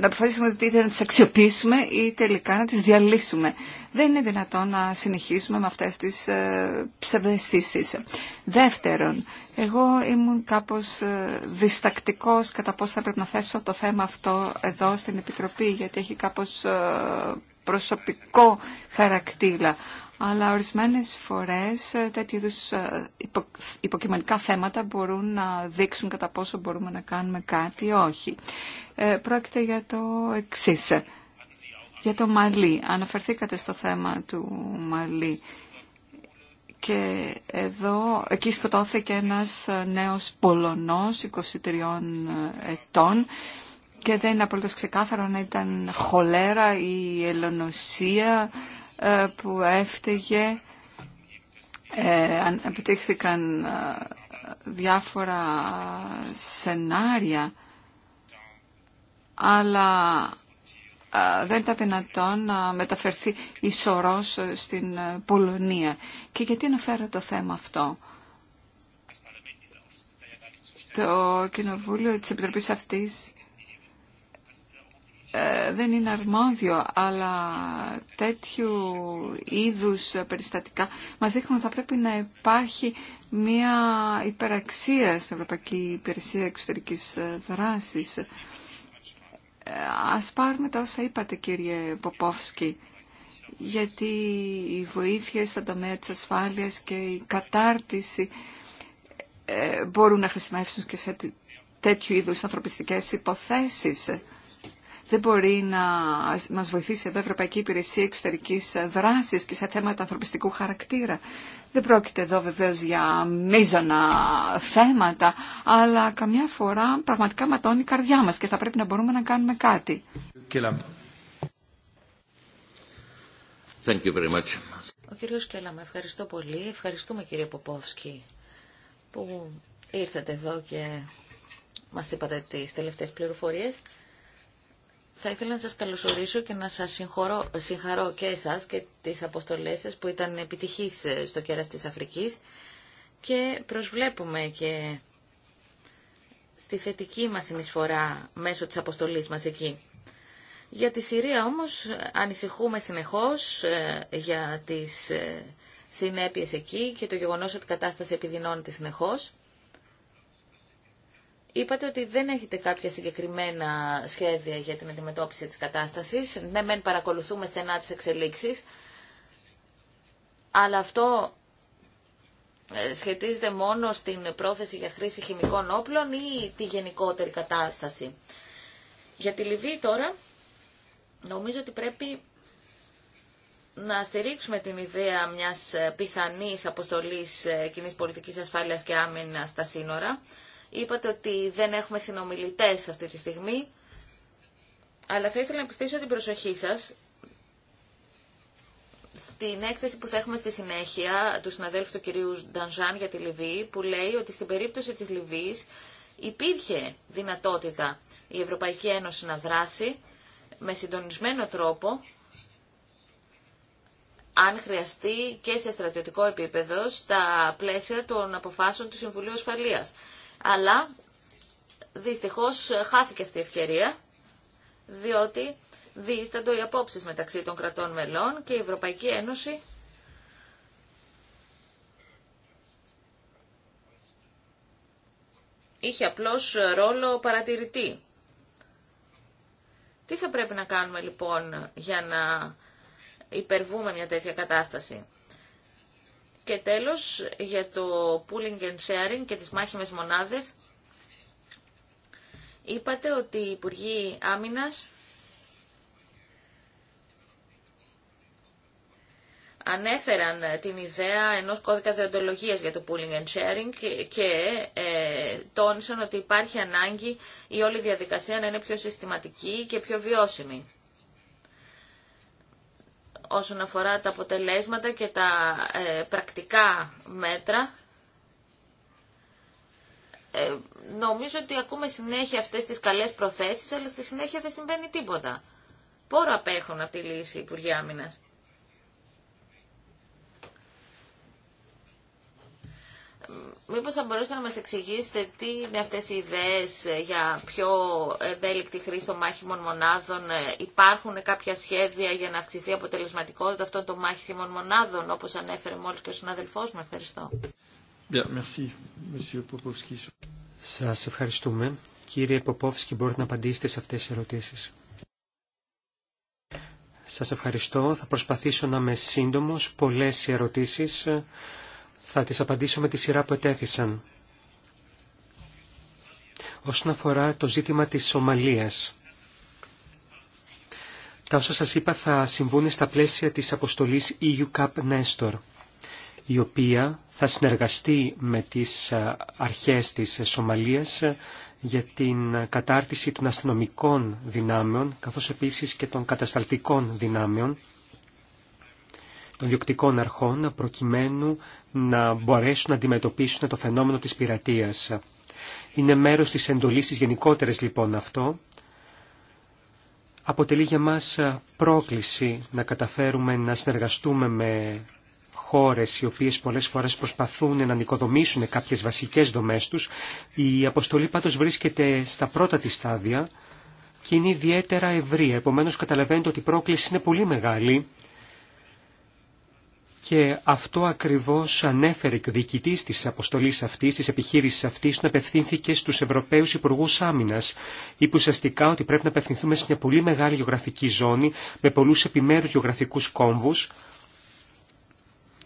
να αποφασίσουμε ότι είτε να τις αξιοποιήσουμε ή τελικά να τις διαλύσουμε. Δεν είναι δυνατόν να συνεχίσουμε με αυτές τις ε, Δεύτερον, εγώ ήμουν κάπως ε, διστακτικός κατά πώς θα πρέπει να θέσω το θέμα αυτό εδώ στην Επιτροπή, γιατί έχει κάπως ε, προσωπικό χαρακτήρα αλλά ορισμένες φορές ε, τέτοιου είδους ε, υποκειμενικά θέματα μπορούν να δείξουν κατά πόσο μπορούμε να κάνουμε κάτι ή όχι. Ε, πρόκειται για το εξή. Για το Μαλί. Αναφερθήκατε στο θέμα του Μαλί. Και εδώ, εκεί σκοτώθηκε ένας ε, νέος Πολωνός, 23 ετών, και δεν είναι απολύτως ξεκάθαρο να ήταν χολέρα ή ελονοσία ε, που έφταιγε. Ε, επιτύχθηκαν ε, διάφορα σενάρια, αλλά ε, δεν ήταν δυνατόν να μεταφερθεί ισορός στην Πολωνία. Και γιατί αναφέρω το θέμα αυτό. Το Κοινοβούλιο της Επιτροπής αυτής ε, δεν είναι αρμόδιο, αλλά τέτοιου είδους περιστατικά μας δείχνουν ότι θα πρέπει να υπάρχει μια υπεραξία στην Ευρωπαϊκή Υπηρεσία Εξωτερικής Δράσης. Ε, ας πάρουμε τα όσα είπατε κύριε Ποπόφσκι, γιατί οι βοήθειες στον τομέα της ασφάλειας και η κατάρτιση ε, μπορούν να χρησιμεύσουν και σε τέτοιου είδους ανθρωπιστικές υποθέσεις δεν μπορεί να μας βοηθήσει εδώ η Ευρωπαϊκή Υπηρεσία Εξωτερικής Δράσης και σε θέματα ανθρωπιστικού χαρακτήρα. Δεν πρόκειται εδώ βεβαίως για μείζωνα θέματα, αλλά καμιά φορά πραγματικά ματώνει η καρδιά μας και θα πρέπει να μπορούμε να κάνουμε κάτι. Thank you Ο κύριο Κέλα, ευχαριστώ πολύ. Ευχαριστούμε κύριε Ποπόφσκι που ήρθατε εδώ και μας είπατε τις τελευταίες πληροφορίες. Θα ήθελα να σας καλωσορίσω και να σας συγχωρώ, συγχαρώ και εσάς και τις αποστολές σας που ήταν επιτυχείς ε, στο κέρας της Αφρικής και προσβλέπουμε και στη θετική μας συνεισφορά μέσω της αποστολής μας εκεί. Για τη Συρία όμως ανησυχούμε συνεχώς ε, για τις ε, συνέπειες εκεί και το γεγονός ότι η κατάσταση επιδεινώνεται συνεχώς. Είπατε ότι δεν έχετε κάποια συγκεκριμένα σχέδια για την αντιμετώπιση της κατάστασης. Ναι, μεν παρακολουθούμε στενά τις εξελίξεις, αλλά αυτό ε, σχετίζεται μόνο στην πρόθεση για χρήση χημικών όπλων ή τη γενικότερη κατάσταση. Για τη Λιβύη τώρα, νομίζω ότι πρέπει να στηρίξουμε την ιδέα μιας ε, πιθανής αποστολής ε, κοινή πολιτικής ασφάλειας και άμυνας στα σύνορα. Είπατε ότι δεν έχουμε συνομιλητές αυτή τη στιγμή, αλλά θα ήθελα να πιστήσω την προσοχή σας στην έκθεση που θα έχουμε στη συνέχεια του συναδέλφου του κυρίου Ντανζάν για τη Λιβύη, που λέει ότι στην περίπτωση της Λιβύης υπήρχε δυνατότητα η Ευρωπαϊκή Ένωση να δράσει με συντονισμένο τρόπο, αν χρειαστεί και σε στρατιωτικό επίπεδο, στα πλαίσια των αποφάσεων του Συμβουλίου Ασφαλείας αλλά δυστυχώς χάθηκε αυτή η ευκαιρία, διότι διείσταντο οι απόψεις μεταξύ των κρατών μελών και η Ευρωπαϊκή Ένωση είχε απλώς ρόλο παρατηρητή. Τι θα πρέπει να κάνουμε λοιπόν για να υπερβούμε μια τέτοια κατάσταση. Και τέλος, για το pooling and sharing και τις μάχημες μονάδες, είπατε ότι οι Υπουργοί Άμυνας ανέφεραν την ιδέα ενός κώδικα διοντολογίας για το pooling and sharing και ε, τόνισαν ότι υπάρχει ανάγκη η όλη διαδικασία να είναι πιο συστηματική και πιο βιώσιμη όσον αφορά τα αποτελέσματα και τα ε, πρακτικά μέτρα. Ε, νομίζω ότι ακούμε συνέχεια αυτές τις καλές προθέσεις, αλλά στη συνέχεια δεν συμβαίνει τίποτα. Πόρο απέχουν από τη λύση, Υπουργοί Άμυνας. μήπως θα μπορούσατε να μας εξηγήσετε τι είναι αυτές οι ιδέες για πιο ευέλικτη χρήση των μάχημων μονάδων. Ε, υπάρχουν κάποια σχέδια για να αυξηθεί η αποτελεσματικότητα αυτών των μάχημων μονάδων, όπως ανέφερε μόλις και ο συναδελφός μου. Ευχαριστώ. Yeah, Σας ευχαριστούμε. Κύριε Ποπόφσκι, μπορείτε να απαντήσετε σε αυτές τις ερωτήσεις. Σας ευχαριστώ. Θα προσπαθήσω να είμαι σύντομος. Πολλές ερωτήσεις. Θα τις απαντήσω με τη σειρά που ετέθησαν. Όσον αφορά το ζήτημα της Σομαλίας. Τα όσα σας είπα θα συμβούν στα πλαίσια της αποστολής EU Cup Nestor, η οποία θα συνεργαστεί με τις αρχές της Σομαλίας για την κατάρτιση των αστυνομικών δυνάμεων, καθώς επίσης και των κατασταλτικών δυνάμεων, των διοκτικών αρχών, προκειμένου να μπορέσουν να αντιμετωπίσουν το φαινόμενο της πειρατείας. Είναι μέρος της εντολής της γενικότερης λοιπόν αυτό. Αποτελεί για μας πρόκληση να καταφέρουμε να συνεργαστούμε με χώρες οι οποίες πολλές φορές προσπαθούν να νοικοδομήσουν κάποιες βασικές δομές τους. Η αποστολή πάντως βρίσκεται στα πρώτα της στάδια και είναι ιδιαίτερα ευρία. Επομένως καταλαβαίνετε ότι η πρόκληση είναι πολύ μεγάλη και αυτό ακριβώς ανέφερε και ο διοικητής της αποστολής αυτής, της επιχείρησης αυτής, να απευθύνθηκε στους Ευρωπαίους Υπουργού Άμυνα. Είπε ουσιαστικά ότι πρέπει να απευθυνθούμε σε μια πολύ μεγάλη γεωγραφική ζώνη, με πολλούς επιμέρους γεωγραφικούς κόμβους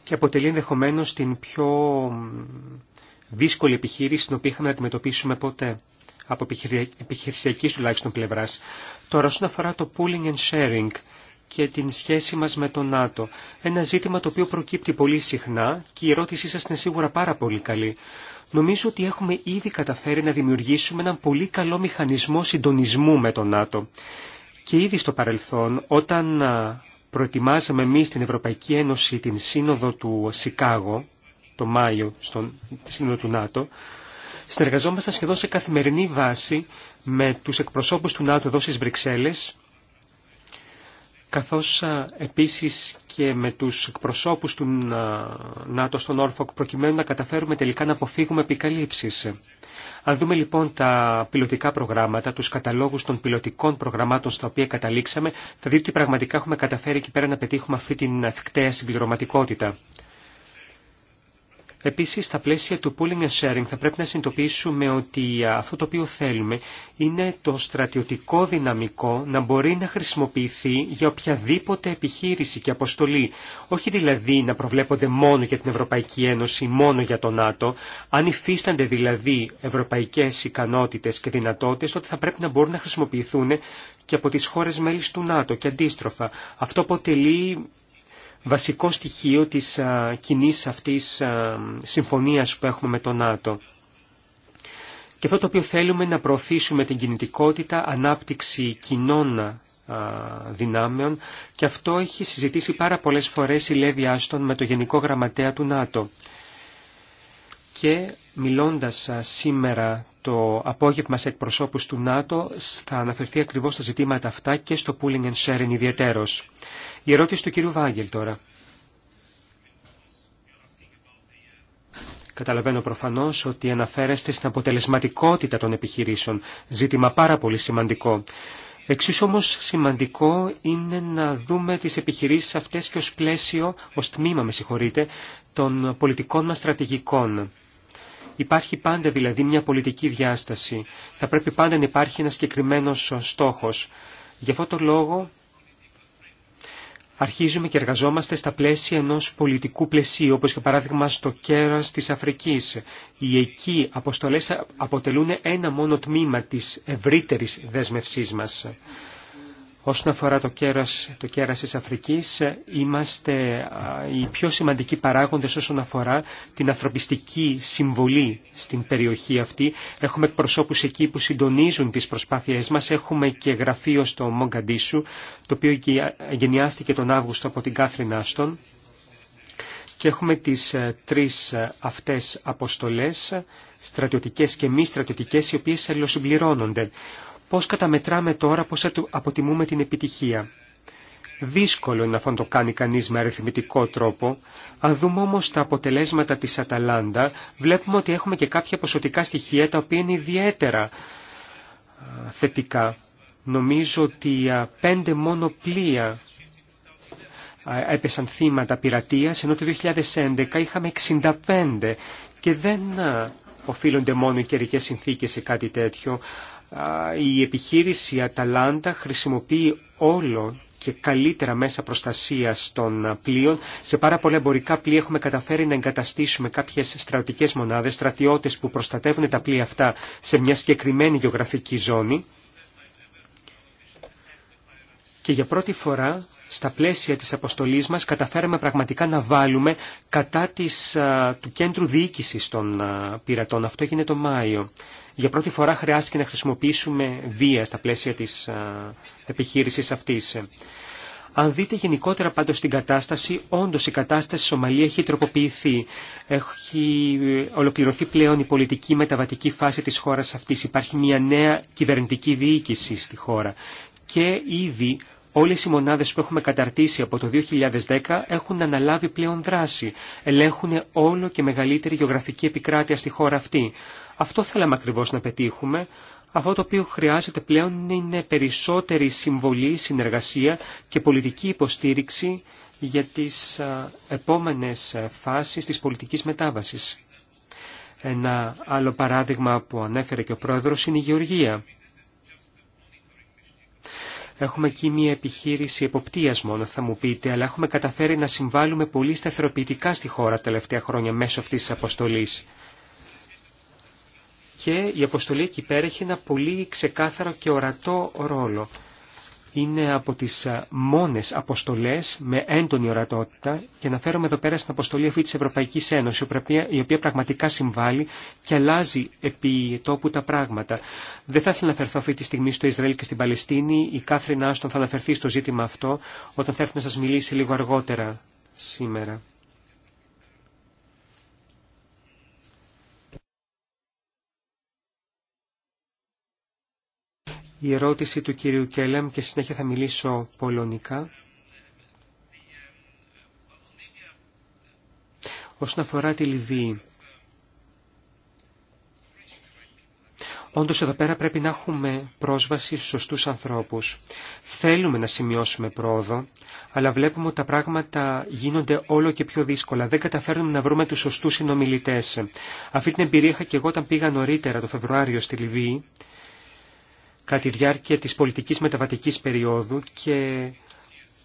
και αποτελεί ενδεχομένω την πιο δύσκολη επιχείρηση την οποία είχαμε να αντιμετωπίσουμε ποτέ από επιχειρησιακή τουλάχιστον πλευράς. Τώρα όσον αφορά το pooling and sharing, και την σχέση μας με το ΝΑΤΟ. Ένα ζήτημα το οποίο προκύπτει πολύ συχνά και η ερώτησή σας είναι σίγουρα πάρα πολύ καλή. Νομίζω ότι έχουμε ήδη καταφέρει να δημιουργήσουμε έναν πολύ καλό μηχανισμό συντονισμού με το ΝΑΤΟ. Και ήδη στο παρελθόν, όταν προετοιμάζαμε εμεί στην Ευρωπαϊκή Ένωση την σύνοδο του Σικάγο, το Μάιο, στον σύνοδο του ΝΑΤΟ, συνεργαζόμασταν σχεδόν σε καθημερινή βάση με τους εκπροσώπους του ΝΑΤΟ εδώ στις Βρυξέλλες καθώς επίσης και με τους εκπροσώπους του ΝΑΤΟ στον Όρφοκ προκειμένου να καταφέρουμε τελικά να αποφύγουμε επικαλύψεις. Αν δούμε λοιπόν τα πιλωτικά προγράμματα, τους καταλόγους των πιλωτικών προγραμμάτων στα οποία καταλήξαμε, θα δείτε ότι πραγματικά έχουμε καταφέρει εκεί πέρα να πετύχουμε αυτή την ευκταία συμπληρωματικότητα. Επίση, στα πλαίσια του pooling and sharing θα πρέπει να συνειδητοποιήσουμε ότι αυτό το οποίο θέλουμε είναι το στρατιωτικό δυναμικό να μπορεί να χρησιμοποιηθεί για οποιαδήποτε επιχείρηση και αποστολή. Όχι δηλαδή να προβλέπονται μόνο για την Ευρωπαϊκή Ένωση, μόνο για το ΝΑΤΟ. Αν υφίστανται δηλαδή ευρωπαϊκές ικανότητες και δυνατότητες, ότι θα πρέπει να μπορούν να χρησιμοποιηθούν και από τις χώρες μέλη του ΝΑΤΟ και αντίστροφα. Αυτό αποτελεί βασικό στοιχείο της κοινή αυτής συμφωνίας που έχουμε με το ΝΑΤΟ. Και αυτό το οποίο θέλουμε να προωθήσουμε την κινητικότητα, ανάπτυξη κοινών δυνάμεων και αυτό έχει συζητήσει πάρα πολλές φορές η Λέβη Άστον με το Γενικό Γραμματέα του ΝΑΤΟ. Και μιλώντας σήμερα το απόγευμα σε εκπροσώπους του ΝΑΤΟ θα αναφερθεί ακριβώς στα ζητήματα αυτά και στο pooling and sharing η ερώτηση του κυρίου Βάγγελ τώρα. Καταλαβαίνω προφανώ ότι αναφέρεστε στην αποτελεσματικότητα των επιχειρήσεων. Ζήτημα πάρα πολύ σημαντικό. Εξίσου όμω σημαντικό είναι να δούμε τι επιχειρήσει αυτέ και ω πλαίσιο, ω τμήμα, με συγχωρείτε, των πολιτικών μα στρατηγικών. Υπάρχει πάντα δηλαδή μια πολιτική διάσταση. Θα πρέπει πάντα να υπάρχει ένα συγκεκριμένο στόχο. Γι' αυτό το λόγο αρχίζουμε και εργαζόμαστε στα πλαίσια ενός πολιτικού πλαισίου, όπως για παράδειγμα στο κέρας της Αφρικής. Οι εκεί αποστολές αποτελούν ένα μόνο τμήμα της ευρύτερης δέσμευσής μας. Όσον αφορά το κέρας, το κέρας της Αφρικής, είμαστε οι πιο σημαντικοί παράγοντες όσον αφορά την ανθρωπιστική συμβολή στην περιοχή αυτή. Έχουμε εκπροσώπους εκεί που συντονίζουν τις προσπάθειές μας. Έχουμε και γραφείο στο Μογκαντήσου, το οποίο γενιάστηκε τον Αύγουστο από την Κάθριν Άστον. Και έχουμε τις ε, τρεις ε, αυτές αποστολές, στρατιωτικές και μη στρατιωτικές, οι οποίες αλληλοσυμπληρώνονται. Πώς καταμετράμε τώρα, πώς αποτιμούμε την επιτυχία. Δύσκολο είναι αυτό να το κάνει κανείς με αριθμητικό τρόπο. Αν δούμε όμως τα αποτελέσματα της Αταλάντα, βλέπουμε ότι έχουμε και κάποια ποσοτικά στοιχεία τα οποία είναι ιδιαίτερα θετικά. Νομίζω ότι πέντε μόνο πλοία έπεσαν θύματα πειρατείας, ενώ το 2011 είχαμε 65 και δεν οφείλονται μόνο οι καιρικέ συνθήκες σε κάτι τέτοιο, η επιχείρηση Αταλάντα χρησιμοποιεί όλο και καλύτερα μέσα προστασίας των πλοίων. Σε πάρα πολλά εμπορικά πλοία έχουμε καταφέρει να εγκαταστήσουμε κάποιες στρατιωτικές μονάδες, στρατιώτες που προστατεύουν τα πλοία αυτά σε μια συγκεκριμένη γεωγραφική ζώνη. Και για πρώτη φορά στα πλαίσια της αποστολής μας καταφέραμε πραγματικά να βάλουμε κατά της, του κέντρου διοίκησης των πειρατών. Αυτό έγινε το Μάιο. Για πρώτη φορά χρειάστηκε να χρησιμοποιήσουμε βία στα πλαίσια της επιχείρησης αυτής. Αν δείτε γενικότερα πάντως την κατάσταση, όντως η κατάσταση στη Σομαλία έχει τροποποιηθεί. Έχει ε, ολοκληρωθεί πλέον η πολιτική μεταβατική φάση της χώρας αυτής. Υπάρχει μια νέα κυβερνητική διοίκηση στη χώρα. Και ήδη Όλες οι μονάδες που έχουμε καταρτήσει από το 2010 έχουν αναλάβει πλέον δράση. Ελέγχουν όλο και μεγαλύτερη γεωγραφική επικράτεια στη χώρα αυτή. Αυτό θέλαμε ακριβώς να πετύχουμε. Αυτό το οποίο χρειάζεται πλέον είναι περισσότερη συμβολή, συνεργασία και πολιτική υποστήριξη για τις επόμενες φάσεις της πολιτικής μετάβασης. Ένα άλλο παράδειγμα που ανέφερε και ο Πρόεδρος είναι η Γεωργία. Έχουμε εκεί μια επιχείρηση εποπτείας μόνο θα μου πείτε, αλλά έχουμε καταφέρει να συμβάλλουμε πολύ σταθεροποιητικά στη χώρα τελευταία χρόνια μέσω αυτής της αποστολή. Και η αποστολή εκεί πέρα έχει ένα πολύ ξεκάθαρο και ορατό ρόλο είναι από τις ε, μόνες αποστολές με έντονη ορατότητα και αναφέρομαι εδώ πέρα στην αποστολή αυτή της Ευρωπαϊκής Ένωσης η οποία πραγματικά συμβάλλει και αλλάζει επί τόπου τα πράγματα. Δεν θα ήθελα να αναφερθώ αυτή τη στιγμή στο Ισραήλ και στην Παλαιστίνη. Η Κάθριν Άστον θα αναφερθεί στο ζήτημα αυτό όταν θα έρθει να σας μιλήσει λίγο αργότερα σήμερα. η ερώτηση του κυρίου Κέλεμ και συνέχεια θα μιλήσω πολωνικά. Όσον αφορά τη Λιβύη, Όντως εδώ πέρα πρέπει να έχουμε πρόσβαση στους σωστούς ανθρώπους. Θέλουμε να σημειώσουμε πρόοδο, αλλά βλέπουμε ότι τα πράγματα γίνονται όλο και πιο δύσκολα. Δεν καταφέρνουμε να βρούμε τους σωστούς συνομιλητές. Αυτή την εμπειρία είχα και εγώ όταν πήγα νωρίτερα το Φεβρουάριο στη Λιβύη κατά τη διάρκεια της πολιτικής μεταβατικής περίοδου και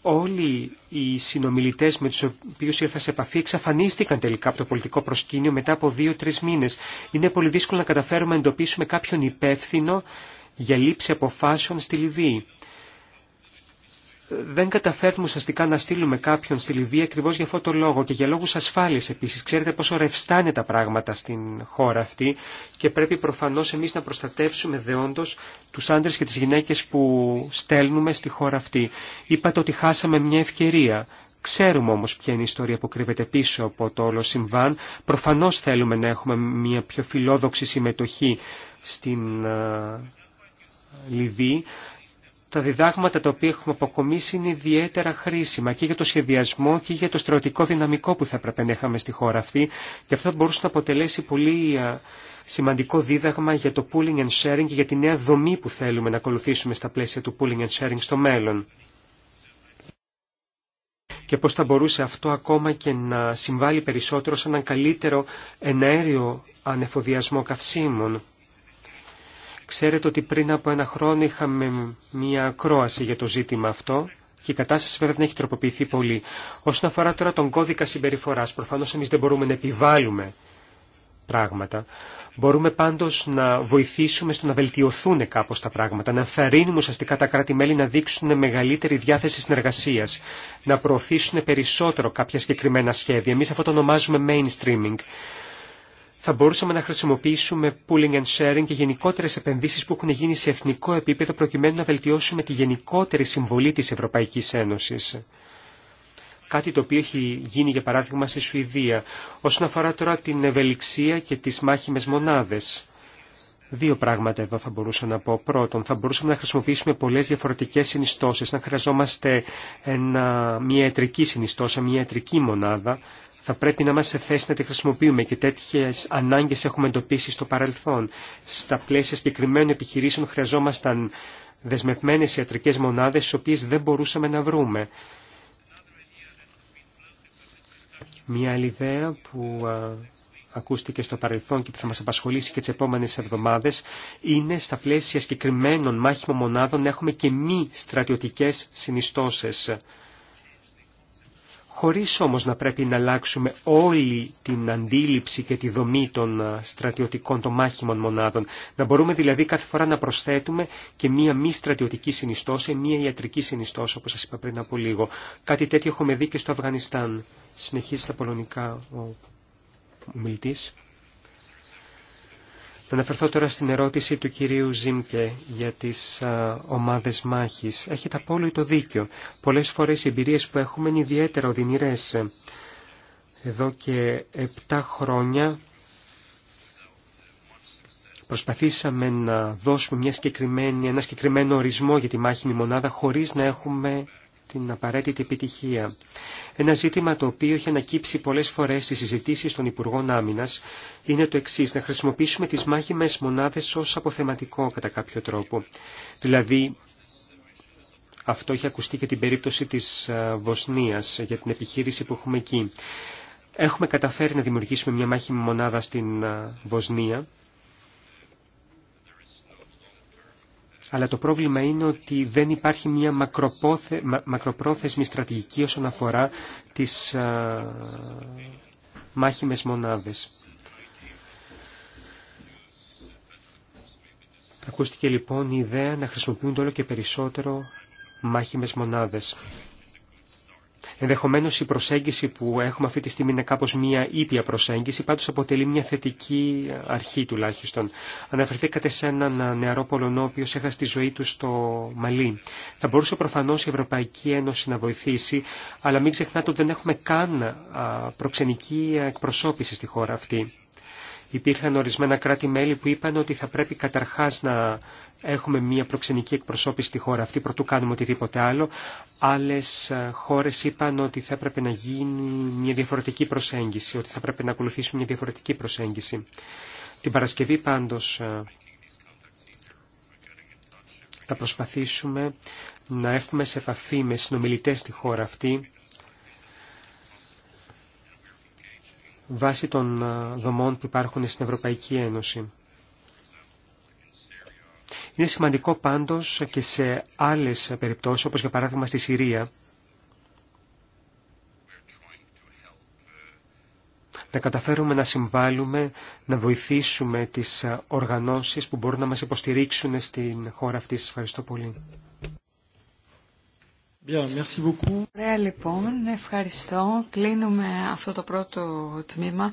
όλοι οι συνομιλητές με τους οποίους ήρθα σε επαφή εξαφανίστηκαν τελικά από το πολιτικό προσκήνιο μετά από δύο-τρεις μήνες. Είναι πολύ δύσκολο να καταφέρουμε να εντοπίσουμε κάποιον υπεύθυνο για λήψη αποφάσεων στη Λιβύη δεν καταφέρνουμε ουσιαστικά να στείλουμε κάποιον στη Λιβύη ακριβώ για αυτό το λόγο και για λόγου ασφάλεια επίση. Ξέρετε πόσο ρευστά τα πράγματα στην χώρα αυτή και πρέπει προφανώ εμεί να προστατεύσουμε δεόντω του άντρε και τι γυναίκε που στέλνουμε στη χώρα αυτή. Είπατε ότι χάσαμε μια ευκαιρία. Ξέρουμε όμως ποια είναι η ιστορία που κρύβεται πίσω από το όλο συμβάν. Προφανώς θέλουμε να έχουμε μια πιο φιλόδοξη συμμετοχή στην Λιβύη τα διδάγματα τα οποία έχουμε αποκομίσει είναι ιδιαίτερα χρήσιμα και για το σχεδιασμό και για το στρατιωτικό δυναμικό που θα έπρεπε να είχαμε στη χώρα αυτή και αυτό θα μπορούσε να αποτελέσει πολύ σημαντικό δίδαγμα για το pooling and sharing και για τη νέα δομή που θέλουμε να ακολουθήσουμε στα πλαίσια του pooling and sharing στο μέλλον. Και πώς θα μπορούσε αυτό ακόμα και να συμβάλλει περισσότερο σε έναν καλύτερο εναέριο ανεφοδιασμό καυσίμων. Ξέρετε ότι πριν από ένα χρόνο είχαμε μία ακρόαση για το ζήτημα αυτό και η κατάσταση βέβαια δεν έχει τροποποιηθεί πολύ. Όσον αφορά τώρα τον κώδικα συμπεριφορά, προφανώ εμεί δεν μπορούμε να επιβάλλουμε πράγματα. Μπορούμε πάντω να βοηθήσουμε στο να βελτιωθούν κάπω τα πράγματα, να ενθαρρύνουμε ουσιαστικά τα κράτη-μέλη να δείξουν μεγαλύτερη διάθεση συνεργασία, να προωθήσουν περισσότερο κάποια συγκεκριμένα σχέδια. Εμεί αυτό το ονομάζουμε mainstreaming θα μπορούσαμε να χρησιμοποιήσουμε pooling and sharing και γενικότερε επενδύσει που έχουν γίνει σε εθνικό επίπεδο προκειμένου να βελτιώσουμε τη γενικότερη συμβολή τη Ευρωπαϊκή Ένωση. Κάτι το οποίο έχει γίνει για παράδειγμα στη Σουηδία, όσον αφορά τώρα την ευελιξία και τι μάχημε μονάδε. Δύο πράγματα εδώ θα μπορούσα να πω. Πρώτον, θα μπορούσαμε να χρησιμοποιήσουμε πολλές διαφορετικές συνιστώσεις, να χρειαζόμαστε ένα, μια ιατρική συνιστώσα, μια ιατρική μονάδα, θα πρέπει να είμαστε σε θέση να τη χρησιμοποιούμε και τέτοιες ανάγκες έχουμε εντοπίσει στο παρελθόν. Στα πλαίσια συγκεκριμένων επιχειρήσεων χρειαζόμασταν δεσμευμένες ιατρικές μονάδες τις οποίες δεν μπορούσαμε να βρούμε. Μια άλλη ιδέα που ακούστηκε στο παρελθόν και που θα μας απασχολήσει και τις επόμενες εβδομάδες είναι στα πλαίσια συγκεκριμένων μάχημων μονάδων να έχουμε και μη στρατιωτικές συνιστώσεις χωρίς όμως να πρέπει να αλλάξουμε όλη την αντίληψη και τη δομή των ε, στρατιωτικών, των μάχημων μονάδων. Να μπορούμε δηλαδή κάθε φορά να προσθέτουμε και μία μη στρατιωτική συνιστόση, μία ιατρική συνιστόση, όπως σας είπα πριν από λίγο. Κάτι τέτοιο έχουμε δει και στο Αφγανιστάν. Συνεχίζει στα πολωνικά ο μιλητής. Θα αναφερθώ τώρα στην ερώτηση του κυρίου Ζήμκε για τις ομάδε ομάδες μάχης. Έχετε απόλυτο δίκιο. Πολλές φορές οι εμπειρίες που έχουμε είναι ιδιαίτερα οδυνηρές. Εδώ και 7 χρόνια προσπαθήσαμε να δώσουμε μια συγκεκριμένη, ένα συγκεκριμένο ορισμό για τη μάχημη μονάδα χωρίς να έχουμε την απαραίτητη επιτυχία. Ένα ζήτημα το οποίο έχει ανακύψει πολλές φορές στις συζητήσει των Υπουργών Άμυνας είναι το εξής, να χρησιμοποιήσουμε τις μάχημες μονάδες ως αποθεματικό κατά κάποιο τρόπο. Δηλαδή, αυτό έχει ακουστεί και την περίπτωση της Βοσνίας για την επιχείρηση που έχουμε εκεί. Έχουμε καταφέρει να δημιουργήσουμε μια μάχημη μονάδα στην Βοσνία, αλλά το πρόβλημα είναι ότι δεν υπάρχει μια μακροπρόθεσμη στρατηγική όσον αφορά τις α, μάχημες μονάδες. Ακούστηκε λοιπόν η ιδέα να χρησιμοποιούνται όλο και περισσότερο μάχημες μονάδες. Ενδεχομένω η προσέγγιση που έχουμε αυτή τη στιγμή είναι κάπως μία ήπια προσέγγιση, πάντο αποτελεί μια θετική αρχή τουλάχιστον. Αναφερθήκατε σε έναν νεαρό Πολωνό, ο οποίο έχασε τη ζωή του στο Μαλί. Θα μπορούσε προφανώς η Ευρωπαϊκή Ένωση να βοηθήσει, αλλά μην ξεχνάτε ότι δεν έχουμε καν προξενική εκπροσώπηση στη χώρα αυτή. Υπήρχαν ορισμένα κράτη-μέλη που είπαν ότι θα πρέπει καταρχά να έχουμε μία προξενική εκπροσώπηση στη χώρα αυτή, πρωτού κάνουμε οτιδήποτε άλλο. Άλλες ε, χώρες είπαν ότι θα έπρεπε να γίνει μια διαφορετική προσέγγιση, ότι θα πρέπει να ακολουθήσουν μια διαφορετική προσέγγιση. Την Παρασκευή πάντως ε, θα προσπαθήσουμε να έρθουμε σε επαφή με συνομιλητές στη χωρα αυτη πρωτου κανουμε οτιδηποτε αλλο Άλλε χώρε ειπαν οτι θα επρεπε να γινει αυτή, βάσει των ε, δομών που υπάρχουν στην Ευρωπαϊκή Ένωση. Είναι σημαντικό πάντως και σε άλλες περιπτώσεις, όπως για παράδειγμα στη Συρία, να καταφέρουμε να συμβάλλουμε, να βοηθήσουμε τις οργανώσεις που μπορούν να μας υποστηρίξουν στην χώρα αυτή. Σας ευχαριστώ πολύ. Bien, merci λοιπόν, ευχαριστώ. Κλείνουμε αυτό το πρώτο τμήμα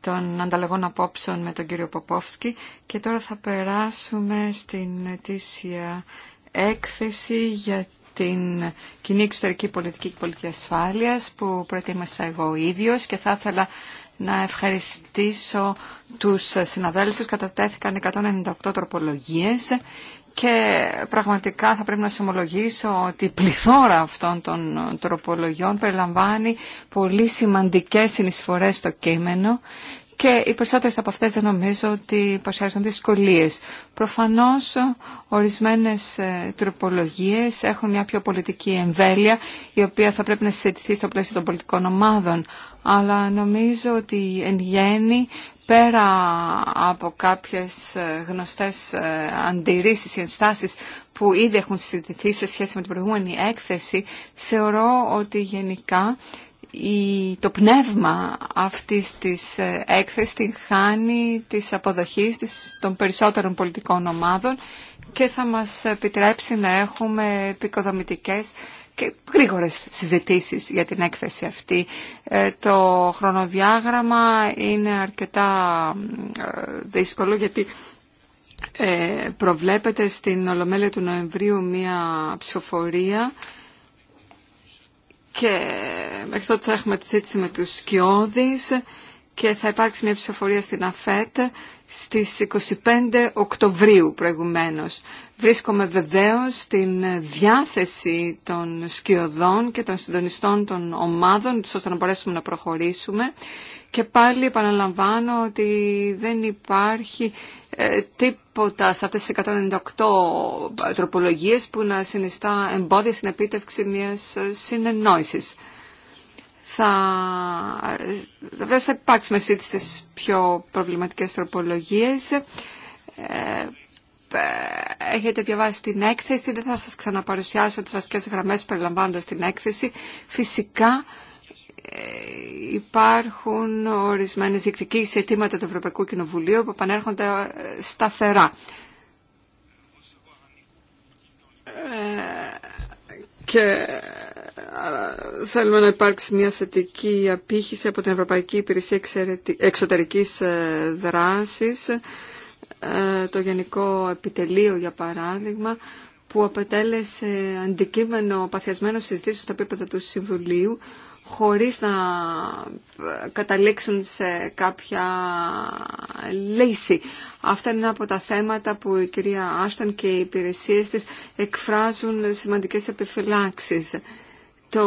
των ανταλλαγών απόψεων με τον κύριο Ποπόφσκι και τώρα θα περάσουμε στην ετήσια έκθεση για την κοινή εξωτερική πολιτική και πολιτική ασφάλειας που προετοίμασα εγώ ίδιος και θα ήθελα να ευχαριστήσω τους συναδέλφους. Κατατέθηκαν 198 τροπολογίες και πραγματικά θα πρέπει να συμμολογήσω ότι η πληθώρα αυτών των τροπολογιών περιλαμβάνει πολύ σημαντικές συνεισφορές στο κείμενο και οι περισσότερες από αυτές δεν νομίζω ότι παρουσιάζουν δυσκολίες. Προφανώς ορισμένες ε, τροπολογίες έχουν μια πιο πολιτική εμβέλεια η οποία θα πρέπει να συζητηθεί στο πλαίσιο των πολιτικών ομάδων αλλά νομίζω ότι εν γέννη πέρα από κάποιες ε, γνωστές ε, αντιρρήσεις ή ενστάσεις που ήδη έχουν συζητηθεί σε σχέση με την προηγούμενη έκθεση, θεωρώ ότι γενικά το πνεύμα αυτής της ε, έκθεσης χάνει της αποδοχής της, των περισσότερων πολιτικών ομάδων και θα μας επιτρέψει να έχουμε επικοδομητικές και γρήγορες συζητήσεις για την έκθεση αυτή. Ε, το χρονοδιάγραμμα είναι αρκετά ε, δύσκολο γιατί ε, προβλέπεται στην Ολομέλεια του Νοεμβρίου μία ψηφοφορία και μέχρι τότε θα έχουμε τη με τους Σκιώδης και θα υπάρξει μια ψηφοφορία στην ΑΦΕΤ στις 25 Οκτωβρίου προηγουμένως. Βρίσκομαι βεβαίως στην διάθεση των σκιωδών και των συντονιστών των ομάδων, ώστε να μπορέσουμε να προχωρήσουμε. Και πάλι επαναλαμβάνω ότι δεν υπάρχει ε, τίποτα σε αυτές τις 198 ε, τροπολογίες που να συνιστά εμπόδια στην επίτευξη μιας ε, συνεννόησης. Θα, βέβαια θα υπάρξει μεσή πιο προβληματικές τροπολογίες. Ε, έχετε διαβάσει την έκθεση, δεν θα σας ξαναπαρουσιάσω τις βασικές γραμμές περιλαμβάνοντας την έκθεση. Φυσικά ε, υπάρχουν ορισμένες διεκδικήσεις αιτήματα του Ευρωπαϊκού Κοινοβουλίου που επανέρχονται ε, σταθερά. Και θέλουμε να υπάρξει μια θετική απήχηση από την Ευρωπαϊκή Υπηρεσία Εξωτερικής Δράσης ε, το Γενικό Επιτελείο για παράδειγμα που αποτέλεσε αντικείμενο παθιασμένο συζητήσεων στο επίπεδο του Συμβουλίου χωρίς να ε, καταλήξουν σε κάποια λύση. Αυτά είναι από τα θέματα που η κυρία Άστον και οι υπηρεσίες της εκφράζουν σημαντικές επιφυλάξεις το